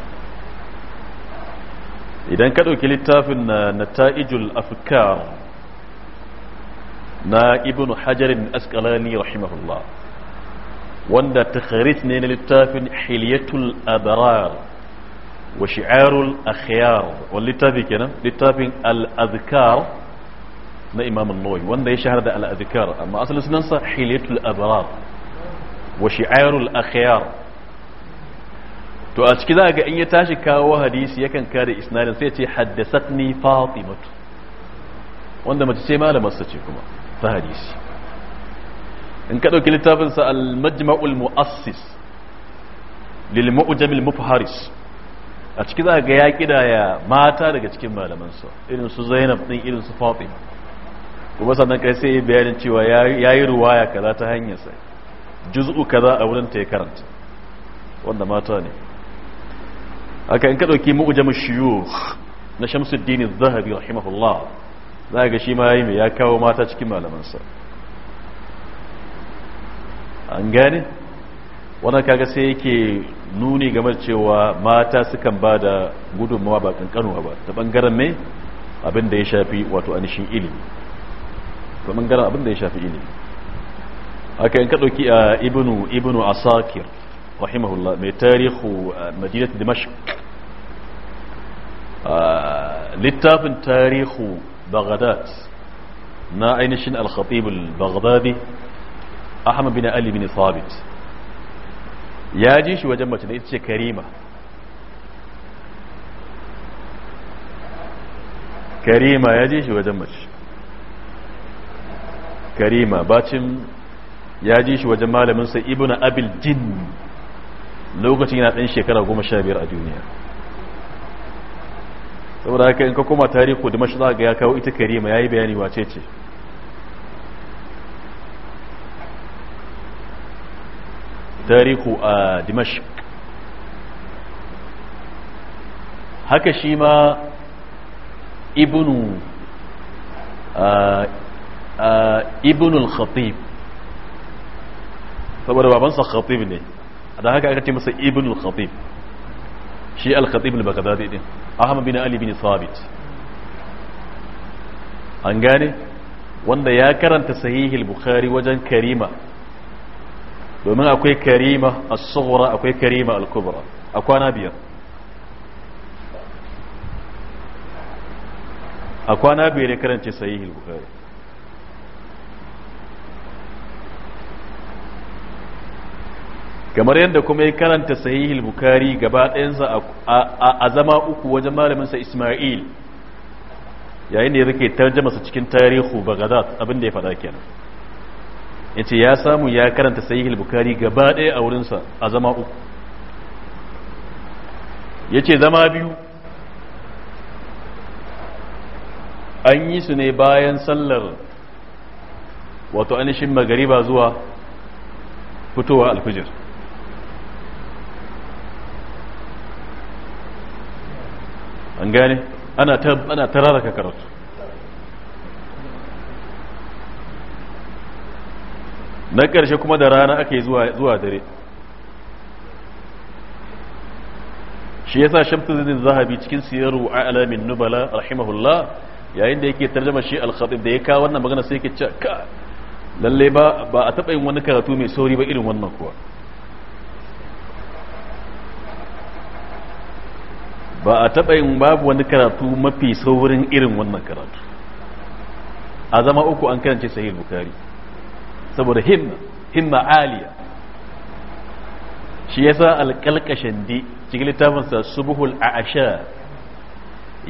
idan ka ɗauki littafin na nata'ijul afkar na ibn hajarin askalani rahimahullah wanda takharit ne na littafin hilyatul abrar وشعار الأخيار واللي كنا لتابين الأذكار نا إمام النووي وان ده يشهر ده الأذكار أما أصل سننسى حلية الأبرار وشعار الأخيار تو أشكدا أجا إن يتاشي كاوا هديس يكن كاري إسنالي سيتي حدثتني فاطمة وان ده ما تسيما لما ستشيكما فهديس إن كانوا كدو كلتابنسى المجمع المؤسس للمؤجم المفهرس a ciki za ga ya kidaya mata daga cikin malamansa irin su zainab din irin su fatima kuma sannan kai sai bayanin cewa ya yi ruwaya kaza ta sai juz'u kaza a wurin ta ya karanta wanda mata ne haka in ka ɗauki mu'jamu shuyukh na shamsuddin zahabi rahimahullah za ga shi ma yayi mai ya kawo mata cikin malamansa an gane wannan kaga sai yake nuni game cewa mata sukan ba da gudunmawa ba kankanuwa ba ta bangaren mai abin da ya shafi wato anishin ilimi ta bangaren abin da ya shafi ilimi aka in ka ɗauki a ibnu ibnu asakir rahimahullah mai tarihu madinat a littafin tarihu baghdad na ainihin al khatibul baghdadi ahmad bin ali bin thabit ya ji shi wajen mace da ita ce karima karima ya ji shi wajen mace karima bacin ya ji shi wajen malaminsa ibn abil jin lokacin yana ɗan shekara goma sha biyar a duniya saboda haka in ka koma tarihi da mashi za ga ya kawo ita karima ya yi bayani wace ce tarihu a dimashq haka shi ma ibnu ibnul khatib saboda babansa khatib ne da haka aka ce masa ibnul khatib shi al-khatib al-baghdadi din ahmad bin ali bin sabit an gane wanda ya karanta sahihul bukhari wajen karima domin akwai karima as-sughra akwai karima al-kubra a kwana biyar a kwana biyar ya karance sahihi al-bukhari kamar yadda kuma ya karanta sahihi al-bukhari gaba ɗayansa a zama uku wajen malaminsa isma'il yayin da ya zake tarjama cikin tarihu bagadat abin da ya faɗa kenan ya ce ya samu ya karanta sahihul bukari gaba ɗaya a wurinsa a zama uku ya ce zama biyu an yi su ne bayan sallar wato anishin magariba zuwa fitowa alfijir an gane ana ta rarraka karatu na ƙarshe kuma da rana aka yi zuwa dare shi yasa shamsuddin zahabi cikin siyaru a alamin nubala rahimahullah yayin da yake tarjama shi al-khatib da ya kawo wannan magana sai yake cewa ka lalle ba ba a taɓa yin wani karatu mai sauri ba irin wannan kuwa ba a taɓa yin babu wani karatu mafi saurin irin wannan karatu a zama uku an karance sahih bukari. saboda himma himma aliya shi yasa alƙalƙashin di cikin littafinsa subuhul a'asha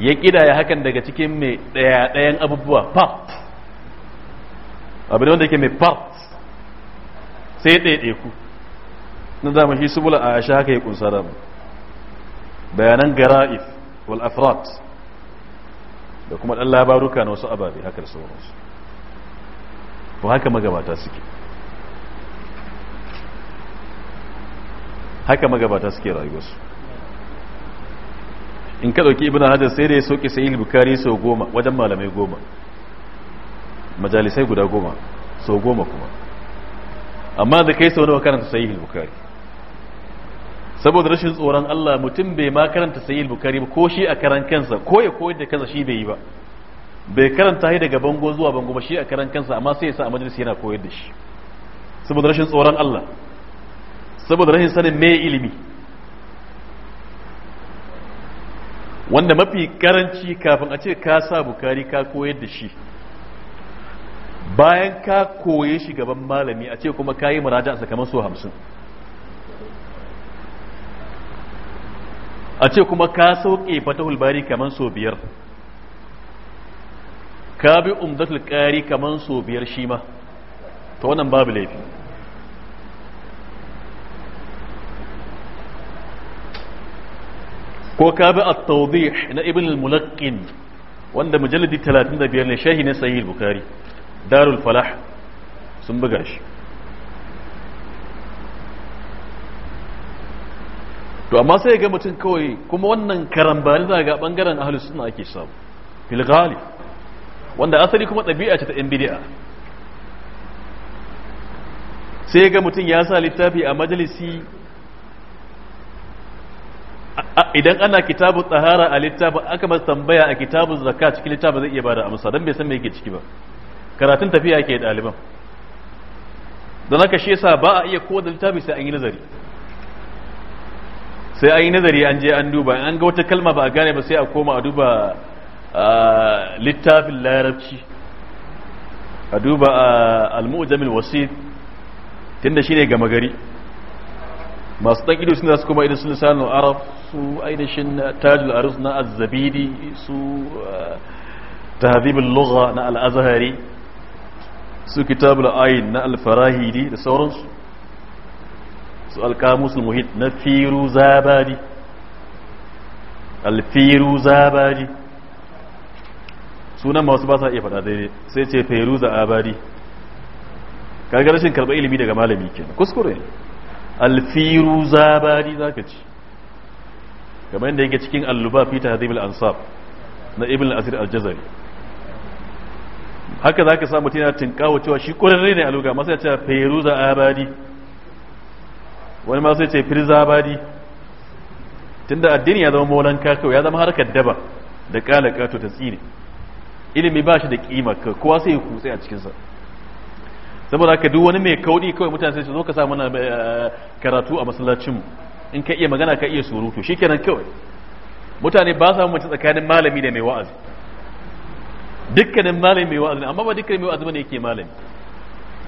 ya ƙidaya hakan daga cikin mai ɗaya-ɗayan abubuwa part da wanda yake mai part sai ɗaiɗe ku na zama shi subul a'asha haka ya kunsa da bayanan gara'if wal afrat da kuma ɗan labaruka na wasu ababe haka da sauransu to haka magabata suke haka magabata suke rayuwarsu in ka ɗauki ibn hajar sai da ya soke sai bukari sau goma wajen malamai goma majalisai guda goma sau goma kuma amma da kai sau nawa karanta sai bukari saboda rashin tsoron Allah mutum bai ma karanta sai bukari ba ko shi a karan kansa ko ya koyar da kansa shi bai yi ba bai karanta shi daga bango zuwa bango ba shi a karan kansa amma sai ya sa a majalisi yana koyar da shi saboda rashin tsoron Allah saboda rashin sanin me ilimi wanda mafi karanci kafin a ce ka sa bukari ka koyar da shi bayan ka koye shi gaban malami a ce kuma ka yi muraja a sakamakon so hamsin a ce kuma ka sauke fatahul bari kamar so biyar ka bi umdatul qari kaman so biyar shi ma to wannan babu laifi ko ka bi at na ibn al-mulaqqin wanda mujalladi 35 ne shahi ne sahih bukhari darul falah sun buga shi to amma sai ga mutum kawai kuma wannan karambani za ga bangaren ahlus sunna ake samu fil ghalib wanda asali kuma ɗabi'a ce ta yan bid'a sai ga mutum ya sa littafi a majalisi idan ana kitabu tsahara a littafin aka masu tambaya a kitabu zaka cikin littafin zai iya bada amsa don bai san me ke ciki ba karatun tafiya ke ɗaliban don haka shi yasa ba a iya kowa da littafi sai an yi nazari sai an yi nazari an je an duba an ga wata kalma ba a gane ba sai a koma a duba littafin larabci a duba al-mu'jamil wasit shi ne gama gari masu ɗan ido suna su kuma idan sun lissanin arab su ainihin tajul arus na azzabidi su tahzibin lugha na al'azahari su kitabul ayin na alfarahidi da sauransu su alkamusul muhit na firu zabadi alfiru zabadi sunan masu ba sa iya faɗa daidai sai ce feruza abadi kaga rashin karɓar ilimi daga malami kenan kuskure ne alfiruza abari zaka ci kamar yadda yake cikin alluba fi tahdhib al-ansab na ibn al-asir al-jazari haka zaka sa mutum yana tinkawo cewa shi ƙwararre ne a luga masa ya ce feruza Abadi wani ma sai ce firza abadi tunda addini ya zama molan kakau ya zama harkar daba da kala kato ta tsine ilimi ba shi da kima kowa sai ya kutse a cikinsa saboda haka duk wani mai kaudi kawai mutane sai su zo ka sa mana eh, karatu a masallacin in ka iya magana ka iya surutu shikenan kawai mutane ba sa mace tsakanin malami da mai wa'azi dukkanin malami mai wa'azi amma ba dukkanin mai wa'azi bane yake malami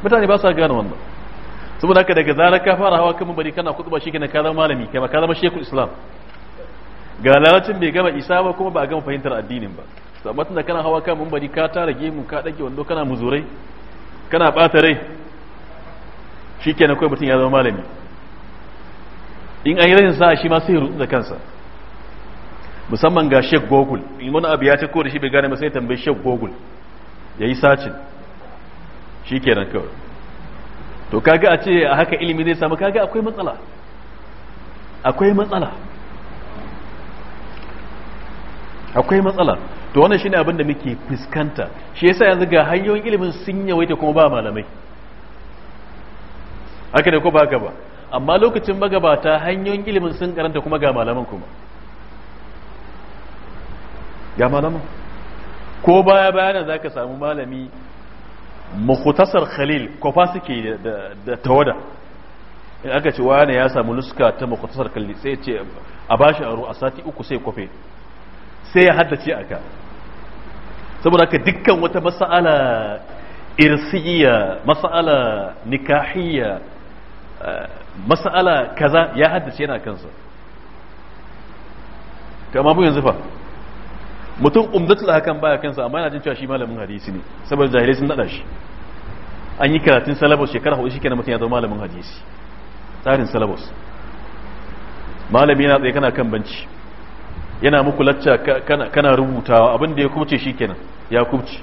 mutane ba sa gane wannan saboda haka daga zarar ka fara hawa kan bari kana kutuba shikenan ka zama malami kai ba ka zama shekul islam ga lalacin bai gama isa ba kuma ba a gama fahimtar addinin ba sabbat da kana hawa kan mumbari ka tara gemu ka dake wando kana muzurai kana bata rai shikenan kawai mutum ya zama malami in an yi rayin sa'a shi ma sai ya da kansa musamman ga Sheikh gogul in wani abu ya ce ko da shi bai gane ba sai tambayi Sheikh ya yayi sacin kenan kawai to kaga a ce a haka ilimi zai samu kaga akwai matsala akwai matsala akwai matsala to wannan shine abin da muke fuskanta shi yasa yanzu ga hanyoyin ilimin sun yawaita kuma ba malamai haka ne ko ba gaba. amma lokacin magabata hanyoyin ilimin sun karanta kuma ga malaman kuma ga malaman ko baya bayanan zaka samu malami mukhtasar khalil fa suke da tawada in aka ce wani ya samu nuska ta mukhtasar khalil sai ce a bashi aro a sati uku sai kofe sai ya haddace aka saboda ka dukkan wata mas'ala irsiyya mas'ala nikahiyya eh, mas'ala kaza ya haddace yana kansa kama mun yanzu fa mutum umdatul hakan baya kansa amma yana jin cewa shi malamin hadisi ne saboda jahilai sun nada shi an yi karatun salabos shekara hudu shikenan mutum ya zama malamin hadisi tsarin salabos malami yana tsaye kana kan banci yana muku lacca kana rubutawa abin da ya kubce shikenan ya kubce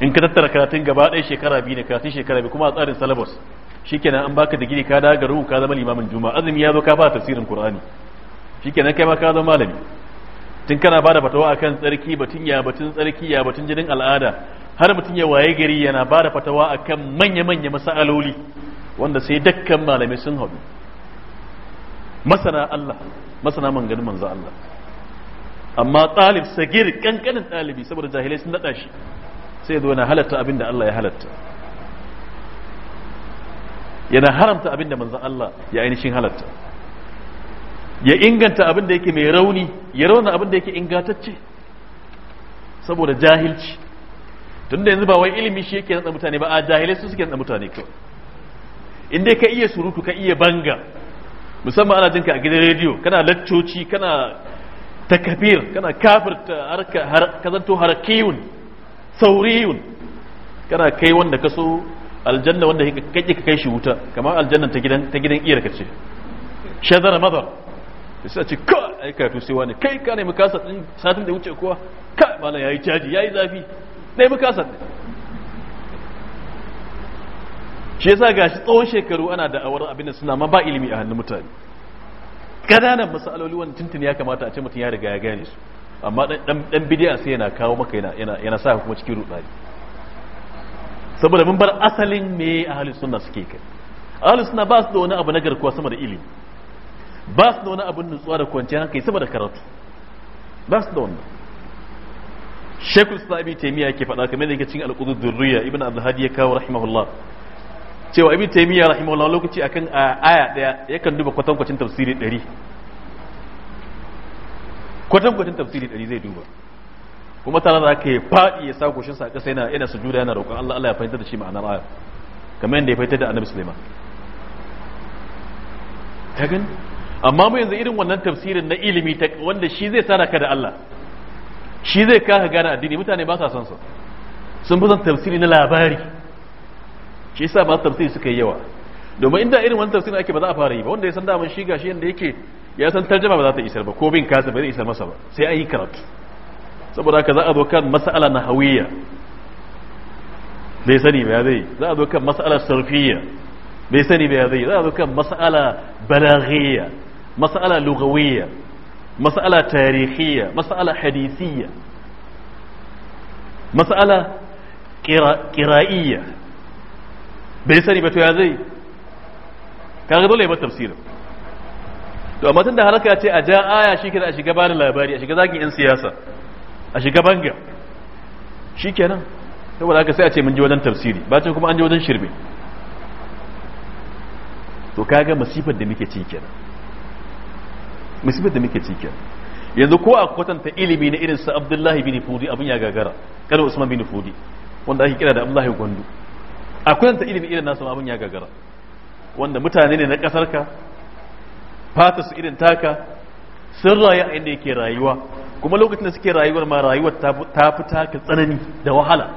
in ka tattara karatun gaba ɗaya shekara biyu ne karatun shekara biyu kuma a tsarin shi shikenan an baka digiri ka daga ga ka zama limamin juma azumi ya zo ka fara tafsirin qur'ani shikenan kai ma ka zama malami tun kana bada fatawa akan tsarki batun ya batun tsarki ya batun jinin al'ada har mutum ya waye gari yana bada fatawa akan manya-manya masaloli wanda sai dakkan malamai sun haɗu masana Allah masana manganin manzo Allah amma talib sagir kankanin talibi saboda jahilai sun naɗa shi sai zo yana halatta abin da Allah ya halatta yana haramta abin da manzo Allah ya ainihin halatta ya inganta abin da yake mai rauni ya rauna abin da yake ingantacce saboda jahilci tunda yanzu ba wai ilimi shi yake nada mutane ba a jahilai su suke nada mutane kawai in dai ka iya surutu ka iya banga musamman ana jinka a gidan rediyo kana laccoci kana takabir kana kafirta harka kazanto harakiyun sauriyun kana kai wanda ka so aljanna wanda kake ka kai shi wuta kamar aljanna ta gidan ta gidan iyar kace shazara madar sai a ce ka ai karatu sai wani kai ka ne mukasa din satin da wuce kowa ka malam yayi caji yayi zafi dai mukasa din shi yasa gashi tsawon shekaru ana da'awar abin da suna ma ba ilimi a hannun mutane ƙananan masaloli wani tuntun ya kamata a ce mutum ya riga ya gane su amma dan bidiya sai yana kawo maka yana yana sa kuma cikin rudani saboda mun bar asalin me ahli sunna suke kai ahli sunna ba su da wani abu na garkuwa sama da ilimi ba su da wani abun nutsuwa da kwanciyar hankali sama da karatu ba su da wannan shekul islami taimiyya ke faɗa kamar da yake cikin alƙudur durriya ibn hadi ya kawo rahimahullah cewa ibn taymiya rahimahullah lokaci akan aya daya yakan duba kwatankwacin tafsiri ɗari. kwatankwacin tafsiri ɗari zai duba kuma tare da aka yi faɗi ya sa goshin sa ƙasa yana yana sujuda yana roƙon Allah Allah ya fahimtar da shi ma'anar ayar kamar yadda ya fahimtar da Annabi Sulaiman Ta gani amma mu yanzu irin wannan tafsirin na ilimi ta wanda shi zai sa ka da Allah shi zai kaka gane addini mutane ba sa son su sun fi son tafsiri na labari shi yasa ba tafsiri suka yi yawa domin inda irin wannan tafsirin ake ba za a fara yi ba wanda ya san daman shi gashi yanda yake ya san tarjuma ba za ta isar ba ko bin kasa ba zai isar masa ba sai an yi karatu saboda haka za a zo kan mas'ala nahawiyya bai sani ba zai za a zo kan mas'ala sarfiyya bai sani ba zai za a zo kan mas'ala balaghiyya mas'ala lughawiyya mas'ala tarihiyya mas'ala hadisiyya mas'ala qira'iyya bai sani ba to ya zai kaga dole ya tafsirin to amma tun da haraka ce a ja aya shi kenan a shiga bani labari a shiga zagin yan siyasa a shiga banga shi kenan saboda haka sai a ce mun ji wajen tafsiri ba ce kuma an ji wajen shirme to kaga musibar da muke ciki kenan musibar da muke ciki kenan yanzu ko a kwatanta ilimi na irin sa Abdullahi bin Fudi abin ya gagara kada Usman bin Fudi wanda ake kira da Abdullahi Gwandu a kwanta ilimi irin nasu abin ya gagara wanda mutane ne na kasar ka fata su irin taka sun rayu a inda yake rayuwa kuma lokacin da suke rayuwar ma rayuwar ta fi taka tsanani da wahala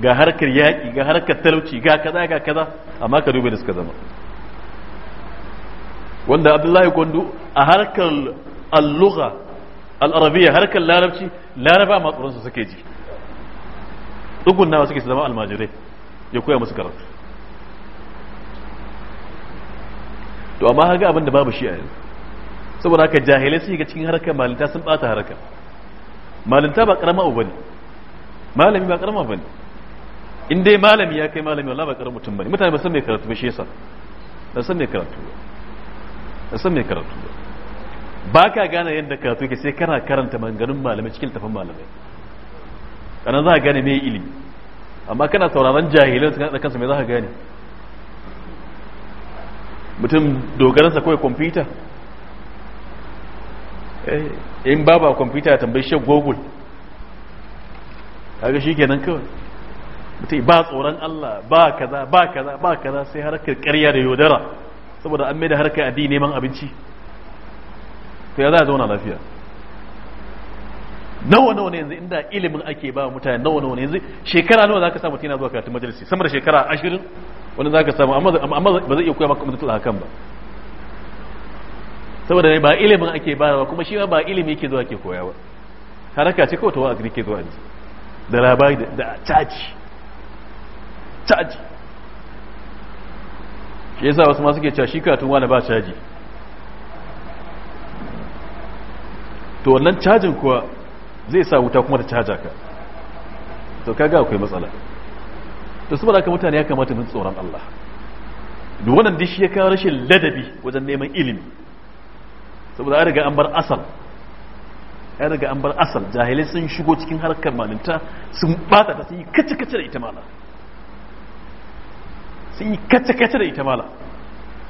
ga harkar yaƙi ga harkar talauci ga kaza ga kaza amma ka duba da suka zama wanda abdullahi gondo a harkar alluga al'arabiya harkar larabci laraba ma su suke ji tsugunnawa suke su zama almajirai ya koya musu karatu to amma haga abin da babu shi a yanzu saboda haka jahilai su ga cikin harkar malinta sun bata harkar malinta ba karama abu bane malami ba karama bane in dai malami ya kai malami wallahi ba karamin mutum bane mutane ba san mai karatu ba shi yasa ba san mai karatu ba ba san mai karatu ba ba ka gane yadda karatu ke sai kana karanta maganganun malamai cikin tafan malamai kana za ka gane mai ilimi amma kana sauraron jahilai su da kansu mai za ka gane mutum dogaransa kawai kwamfuta eh, in ba a kwamfuta ya tambayi shan google kaga shi kenan kawai mutum ba tsoron allah ba kaza ba kaza ba kaza sai harkar karya da yaudara saboda an mai da harkar addini neman abinci ta ya za a zauna lafiya nawa nawa ne yanzu inda ilimin ake ba mutane nawa nawa ne yanzu shekara nawa zaka samu tina zuwa karatu majalisi sama da shekara 20 wani zaka samu amma ba zai iya koya maka mutul hakan ba saboda ba ilimin ake ba ba kuma shi ba ilimi yake zuwa ke koya ba haraka ce kawai ta wa'azi ke zuwa yanzu da labari da caji caji shi yasa wasu masu ke cewa shi karatun wani ba caji to wannan cajin kuwa zai sa wuta kuma ta caja ka to kaga akwai matsala to saboda haka mutane ya kamata mun tsoron Allah duk wannan dishi ya kawo rashin ladabi wajen neman ilimi saboda an riga an bar asal an riga an bar asal jahilai sun shigo cikin harkar malinta sun bata ta sun yi kace kace da ita mala sun yi kace kace da ita mala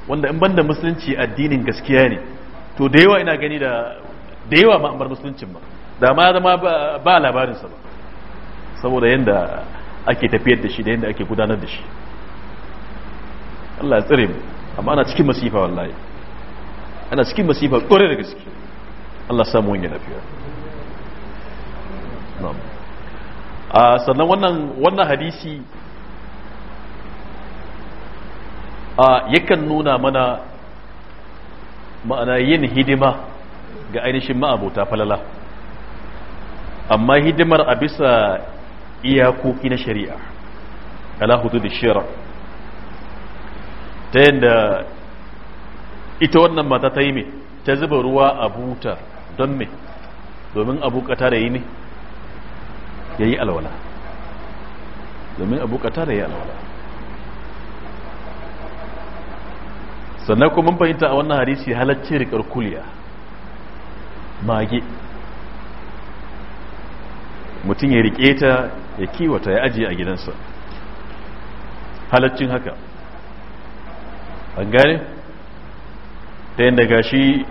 wanda in banda musulunci addinin gaskiya ne to da yawa ina gani da da yawa ma an bar musuluncin ba da ma zama ba labarinsa ba saboda yadda ake tafiyar da shi da yadda ake gudanar da shi Allah ya tsire mu amma ana cikin masifa wallahi ana cikin masifa kore da gaske Allah samu wani lafiya a sannan wannan wannan hadisi a yakan nuna mana ma'ana yin hidima ga ainihin ma'abota falala amma hidimar a bisa iyakoki na shari'a ala da shira ta yadda ita wannan mata ta yi mai ta zuba ruwa a buta don me domin abokata da yi ne ya yi alwala domin abokata da ya yi alwala sannan kuma mun fahimta a wannan hadisi halaccin rikar kuliya mage mutum ya rike ta ya kiwata ya ajiye a gidansa halaccin haka an gane ta yadda gashi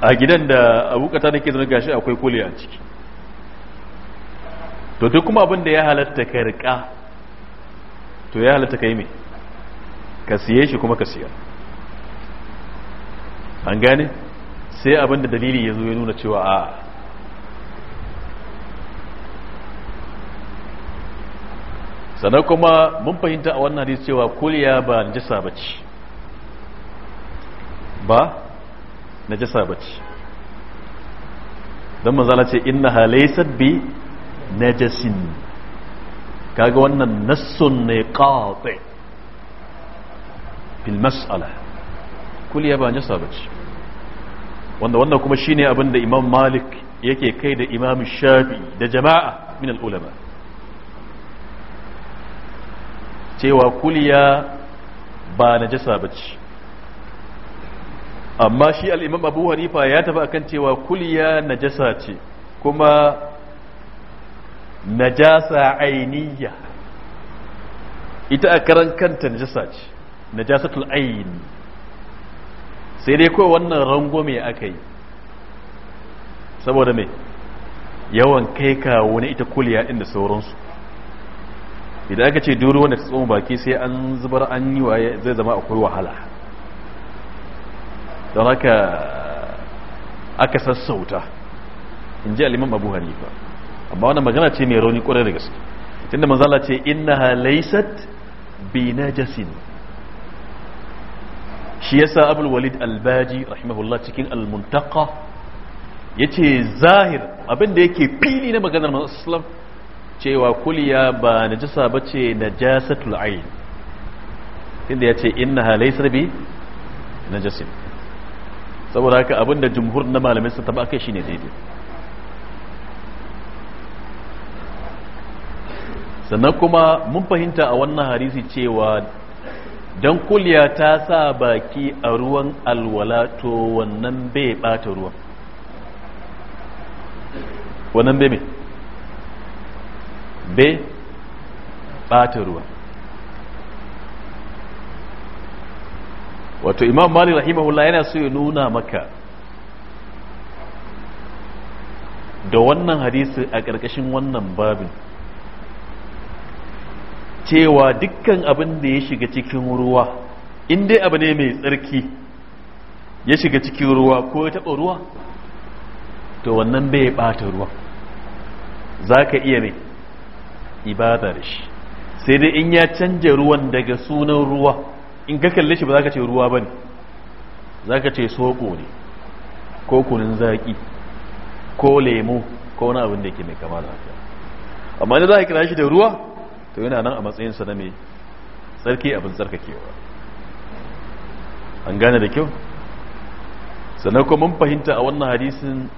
a gidan da abokata da ke zama gashi akwai kuli a ciki to duk kuma abin da ya halatta ka rika to ya halatta ka yi mai ka siye shi kuma ka siya an gane sai abin da dalili ya zo ya nuna cewa a sannan kuma mun fahimta a wannan hadisi cewa kuliya ba najasa bace ba najasa bace dan manzala ce innaha laysat bi najasin kaga wannan nassun ne qati fil mas'ala kuliya ba najasa bace wanda wannan kuma shine abin da imam malik yake kai da imam shafi da jama'a min al ulama cewa kuliya ba na jasa ba ce, amma shi al’imam Abu Hanifa ya tafi akan cewa kuliya jasa ce kuma najasa ainiya. ita a karan kanta najasa ce najasatul ayn sai dai kawai wannan rangwame aka yi saboda mai yawan kai kawo na ita kuliya inda sauransu idan aka ce duru wanda ta tsoma baki sai an zubar an yi waye zai zama akwai wahala don haka aka sassauta in ji aliman abu hanifa amma wannan magana ce mai rauni kwarai da gaske tunda manzala ce innaha laysat bi najasin shi yasa abul walid albaji rahimahullah cikin almuntaka yace zahir abinda yake fili na maganar manzon cewa kuliya ba najasa bace najasatul ayn inda yace inna laysa bi najasin saboda haka abinda jumhur na malamai sun taba kai shine daidai sannan kuma mun fahimta a wannan hadisi cewa dan kuliya ta sa baki a ruwan alwala to wannan bai bata ruwan wannan bai mai bai ɓata ruwa wato imam malik rahimahullah yana so ya nuna maka da wannan hadisi a ƙarƙashin wannan babin cewa dukkan abin da ya shiga cikin ruwa in dai abu ne mai tsarki ya shiga cikin ruwa ko ya taɓa ruwa to wannan bai ɓata ruwa za ka iya ne ibada da shi sai dai in ya canja ruwan daga sunan ruwa in ka kalle shi ba za ka ce ruwa ba ne za ka ce soko ne ko kunun zaƙi ko lemo ko wani abin da yake mai kama da haka amma da za ka kira shi da ruwa to yana nan a sa na mai tsarki abin tsarkakewa an gane da kyau sannan kuma mun fahimta a wannan hadisin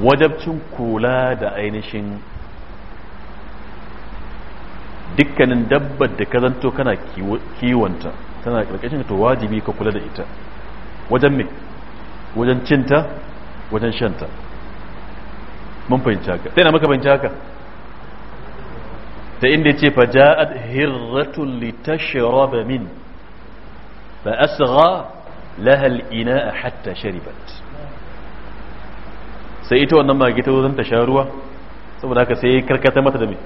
wajabcin kula da ainihin dukkanin dabbar da ka zanto kana kiwonta tana karkashin to wajibi ka kula da ita wajen mai wajen cinta wajen shanta mun fahimci haka sai na maka fahimci haka ta inda ya ce fa ja'ad li litashraba min fa asgha laha al-ina'a hatta sharibat sai ita wannan mage ta zo zan ta sha ruwa saboda haka sai karkata mata da me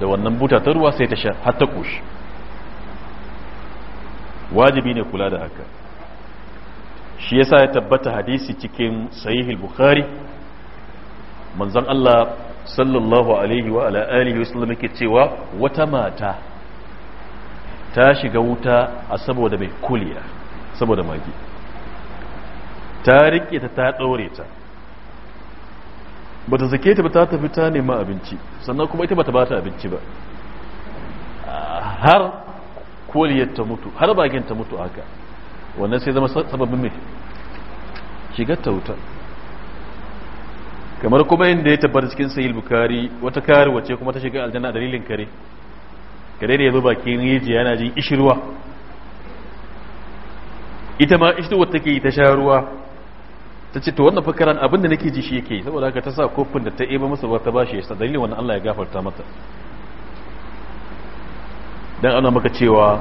da wannan buta ta ruwa sai ta sha har ta koshi wajibi ne kula da haka shi yasa ya tabbata hadisi cikin sahihul bukhari manzon Allah sallallahu alaihi wa ala alihi yake cewa wata mata ta shiga wuta a saboda mai kuliya saboda magi ta rike ta ta dore ta ba ta zake ta ba ta tafi ta nema abinci sannan kuma ita ba ta bata abinci ba har koliyar ta mutu har bakin ta mutu haka wannan sai zama sababin mai shigar ta wuta kamar kuma da ya tabbata cikin sayi bukari wata kari wace kuma ta shiga aljanna a dalilin kare kare da ya zo bakin rijiya yana jin ishirwa ita ma ishirwa take yi ta sha ruwa ta ce to wannan fakaran abin da nake ji shi yake saboda haka ta sa kofin da ta eba masa ba ta ba shi yasa dalilin wannan Allah ya gafarta mata dan ana maka cewa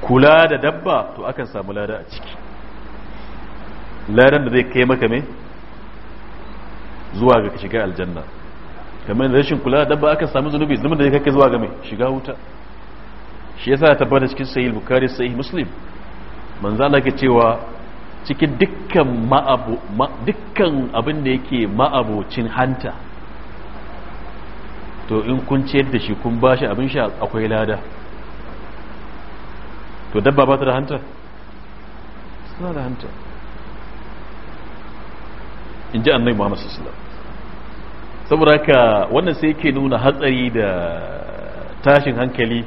kula da dabba to akan samu lada a ciki ladan da zai kai maka me zuwa ga ka shiga aljanna kamar rashin kula da dabba akan samu zunubi zunubin da zai kai zuwa ga me shiga wuta shi yasa ta tabbata cikin sahih bukhari sahih muslim manzo Allah ke cewa cikin dukkan ma'abu dukkan abin da yake ma'abocin hanta to in kun ciyar da shi kun ba shi abin sha akwai lada to dabba ba ta da hanta suna da hanta in ji annai muhammad sallallahu saboda haka wannan sai yake nuna hatsari da tashin hankali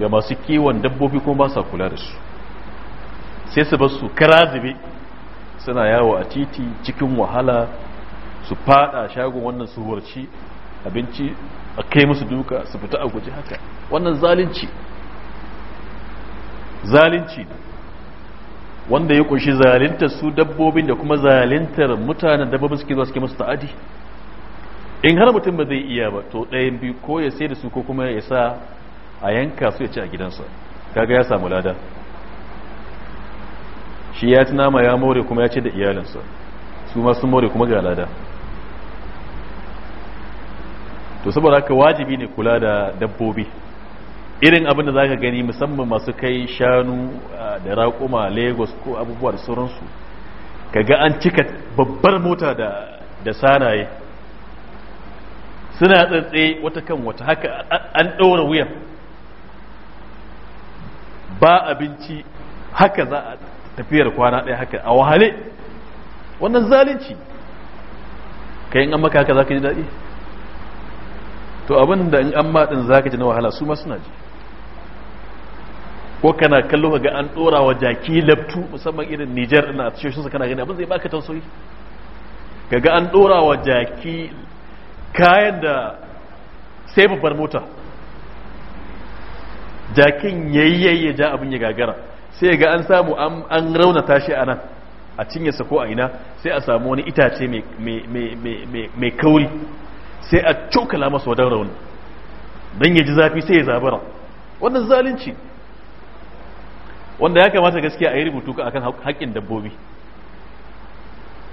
ga masu kiwon dabbobi kuma ba sa kula da su sai su basu karazibe suna yawo a titi cikin wahala su fada shagon wannan su abinci a kai musu duka su fita a guji haka wannan zalunci zalunci wanda ya kunshi zalintar su dabbobin da kuma zaluntar mutanen dabbobin suke zuwa suke musu ta'adi in har mutum ba zai iya ba to ɗayan biyu ko ya sai da su ko kuma ya sa a yanka su ya ci a gidansa kaga ya samu lada shi ya ci nama ya more kuma ya ce da iyalinsa su ma sun more kuma ga lada to saboda haka wajibi ne kula da dabbobi irin abin da zaka gani musamman masu kai shanu da raƙuma lagos ko abubuwa da sauransu kaga an cika babbar mota da da sanaye suna tsatse wata kan wata haka an ɗora wuyan ba abinci haka za a tafiyar kwana ɗaya haka a wahale wannan zalunci ka yi amma kaka za ka ji daɗi to abin da in amma ɗin za ka ji na wahala su ma suna ji ko kana kallo ga an ɗora wa jaki labtu musamman irin nijar na tashoshinsa kana gani abin zai baka tausayi kaga an ɗora wa jaki kayan da sai babbar mota jakin yayyayya ja abin ya gagara sai ga an samu an rauna shi a nan a cinyarsa ko a ina sai a samu wani itace mai kauri sai a cokala masa wadan rauni don ya ji zafi sai ya zabara wannan zalunci wanda ya kamata gaskiya a yi rubutu akan haƙƙin dabbobi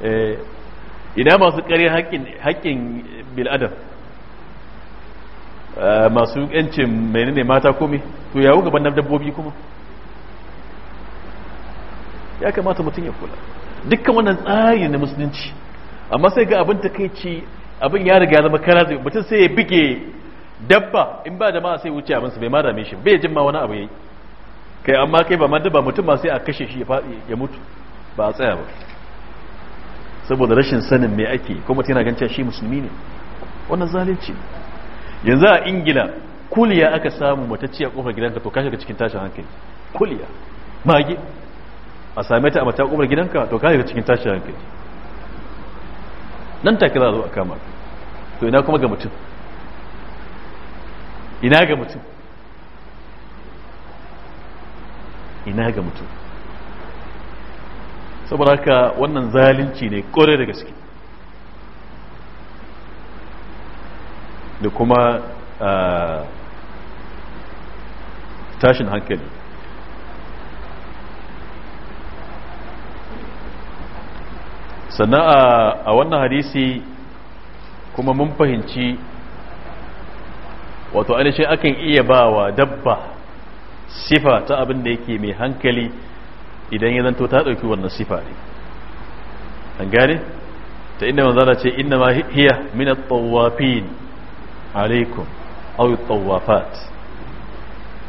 eh, ina masu ƙare haƙƙin bil'adam eh, masu yancin menene mata kome to yawo gaban dabbobi kuma ya kamata mutum ya kula dukkan wannan tsari na musulunci amma sai ga abin takeici abin ya riga zama kara zai mutum sai ya bige dabba in ba da ma sai wuce abin su bai mara dame shi bai jin ma wani abu yayi kai amma kai ba ma dabba mutum ba sai a kashe shi ya mutu ba a tsaya ba saboda rashin sanin me ake kuma mutum yana ganin shi musulmi ne wannan zalunci yanzu a ingila kuliya aka samu matacciya kofar gidanka to kashe ka cikin tashin hankali kuliya mage a same ta a mata kumar gidanka to ka da cikin tashin hankali nan take za a zo a kama to ina kuma ga mutum ina ga mutum ina ga mutum saboda haka wannan zalunci ne kore da gaske da kuma ah, tashin hankali sannan a wannan hadisi kuma mun fahimci wato ainihin akan iya ba wa dabba sifa ta abin da yake mai hankali idan ya zanto ta ɗauki wannan sifa ne an gane ta inda manzana ce inna ma hiya min at-tawafin alaikum aw at-tawafat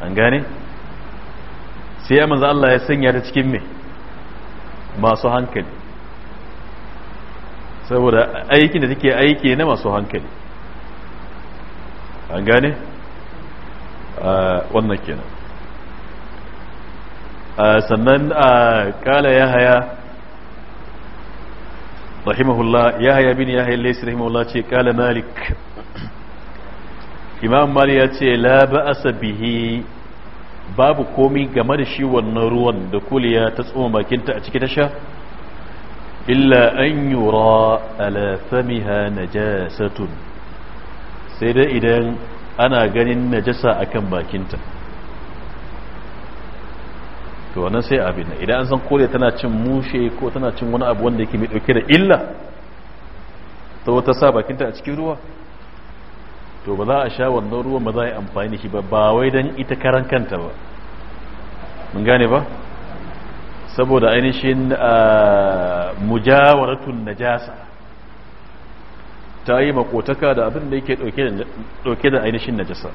an gane sai manzo Allah ya sanya ta cikin me masu hankali saboda aikin da take aiki na masu hankali an gane ah, wannan kenan ah, sannan ah, kala ya haya rahimahullah ya haya bin ya haya laisi rahimahullah ce kala malik imam malik ya ce la ba'asa bihi babu komi game da shi wannan ruwan da kuliya ta tsoma bakinta a ciki ta sha illa an yura ala famiha najasatun sai dai idan ana ganin najasa akan bakinta to wannan sai abin nan idan an san kore tana cin mushe ko tana cin wani abu wanda yake mai dauke da illa ta wata sa bakinta a cikin ruwa to ba za a sha wannan ruwan ba za a yi amfani da shi ba ba wai don ita karan kanta ba mun gane ba saboda ainihin ah, mujawaratun najasa ta yi makotaka da abin da yake dauke da ainihin najasa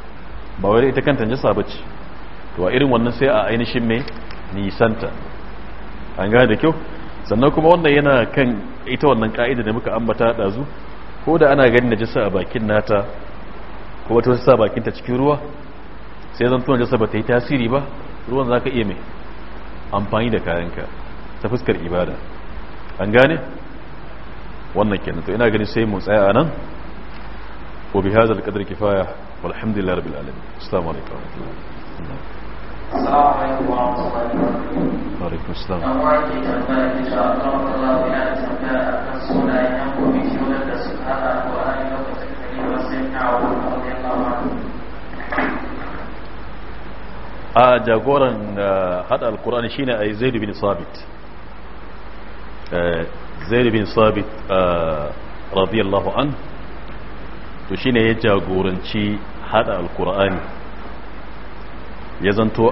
ba wani ita kanta najasa ba ce to a irin wannan sai a ainihin mai nisanta an gane da kyau sannan kuma wannan yana kan ita wannan ka'ida da muka ambata ɗazu ko da ana ganin najasa a bakin nata ko wata wasu sa bakinta cikin ruwa sai zan tuna najasa ba ta yi tasiri ba ruwan za ka iya mai amfani da kayanka ta fuskar ibada an gane wannan kenan to ina ganin sai mu tsaya a nan wa bi hadha al kifaya walhamdulillahi rabbil alamin assalamu alaikum wa rahmatullahi wa barakatuh wa alaikum assalam an warke da bayan insha Allah ta'ala ya tsaya akan sunayen ko bishiyoyin da suka hada ko ayyukan da suka yi wasan ta'awun Allah a jagoran eh, hada alkur'ani shine a zaid bin sabit eh, zaid bin sabit eh, radiyallahu an to shine ya jagoranci hada alkur'ani ya zanto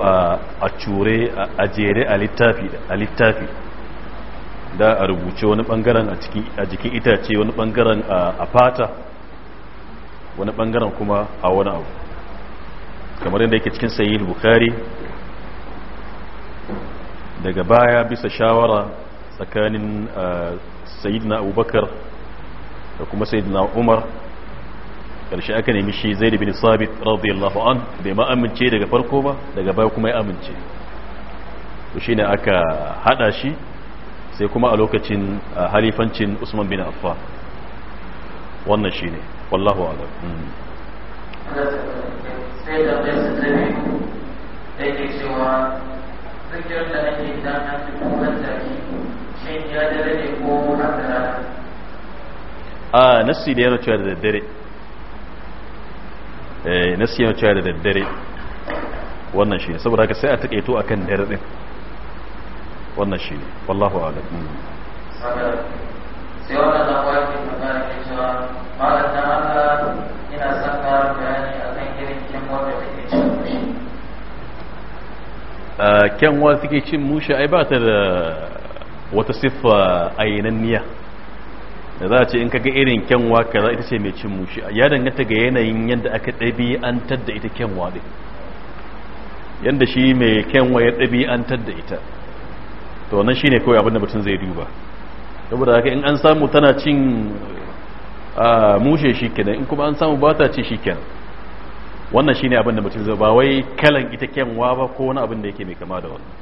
a cure a jere a littafi da a rubuce wani bangaren a jikin itace wani bangaren a fata wani bangaren kuma a wani abu kamar yadda yake cikin sayi bukari daga baya bisa shawara tsakanin uh, sayidina abubakar da kuma sayidina umar ƙarshe aka nemi shi zai da bin sabit radiyallahu an bai ma amince daga farko ba daga baya kuma ya amince to shi ne aka hada shi sai kuma a lokacin uh, halifancin usman bin affan wannan shi ne wallahu alam hmm. sai da mai su ta biyu da ke cewa zikir da ake idan an fi kukan jaki shin ya dare ne ko har da rana a nassi da yana cewa da daddare eh nassi yana cewa da daddare wannan shi ne saboda haka sai a taƙaito akan dare din wannan shi ne wallahu a'lam sai wannan na ke son irin kyanwa da cin mushi cin mushi ai ba ta da wata siffa niyya da za a ce in kaga irin kyanwa kaza ita ce mai cin mushi ya danganta ga yanayin yadda aka an tadda ita kyanwa ɗin yadda shi mai kyanwa ya an tadda ita to wannan shine kawai abin da mutum zai duba saboda haka in an samu tana cin mushe shi kenan in kuma an samu ba ta ci shi kenan wannan shine abin da mutum zai ba wai kalan ita kyanwa ba ko wani abin da yake mai kama da wannan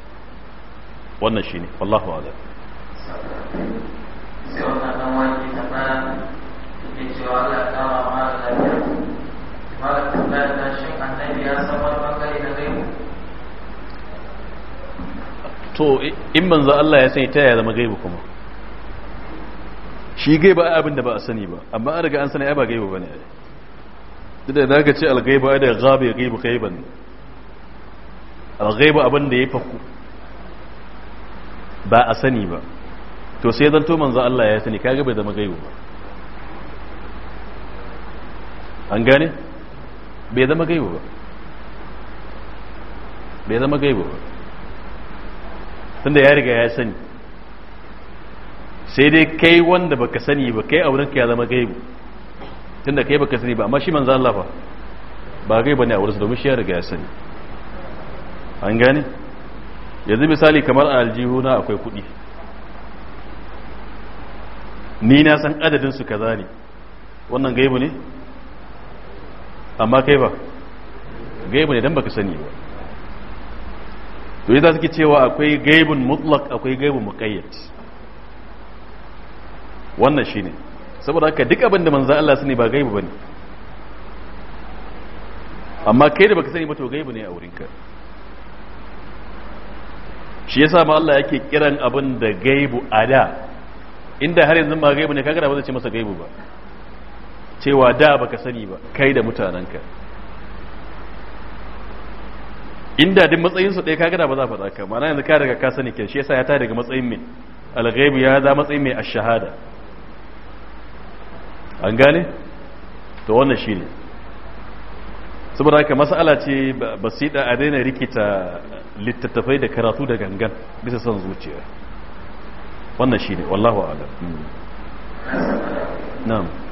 wannan shine wallahu a'lam sai wannan nan wani ta fara yake cewa Allah ta wa da lafiya mara tambaya ta shin annabi ya san bangare na gaibu to in manzo Allah ya sani ta ya zama gaibu kuma shi gaiba abin da ba a sani ba amma an riga an sani ai ba gaiba bane duk da zaka ce al-gaiba da ghaiba gaiba ghaiban al-gaiba abin da ya faku ba a sani ba to sai dan to manzo Allah ya sani kage bai zama gaiba ba an gane bai zama gaiba ba bai zama gaiba ba tunda ya riga ya sani sai dai kai wanda baka sani ba kai a ka ya zama gaibu tunda kai baka sani ba amma shi manzo Allah ba ba gaibu ne a wurin domin shi ya riga ya sani an gane yanzu misali kamar a aljihu na akwai kuɗi ni na san adadin su kaza ne wannan gaibu ne amma kai ba gaibu ne dan baka sani ba to yadda suke cewa akwai gaibun mutlaq akwai gaibun muqayyad wannan shi ne saboda haka duk abin da manzan Allah sani ba gaibu ba ne amma kai da baka sani ba to gaibu ne a wurinka shi ya ma Allah yake kiran abin da gaibu a da inda har yanzu ba gaibu ne kaga da ba ce masa gaibu ba cewa da baka sani ba kai da mutanenka inda duk matsayin su ɗaya kaga da ba za faɗa ka ma'ana yanzu ka daga ka sani ke shi yasa ya ta daga matsayin mai alghaibu ya za matsayin mai a shahada an gane to wannan shi ne saboda haka mas'ala ce basida a daina rikita littattafai da karatu da gangan bisa son zuciya wannan shi ne wallahu a'lam hmm. na'am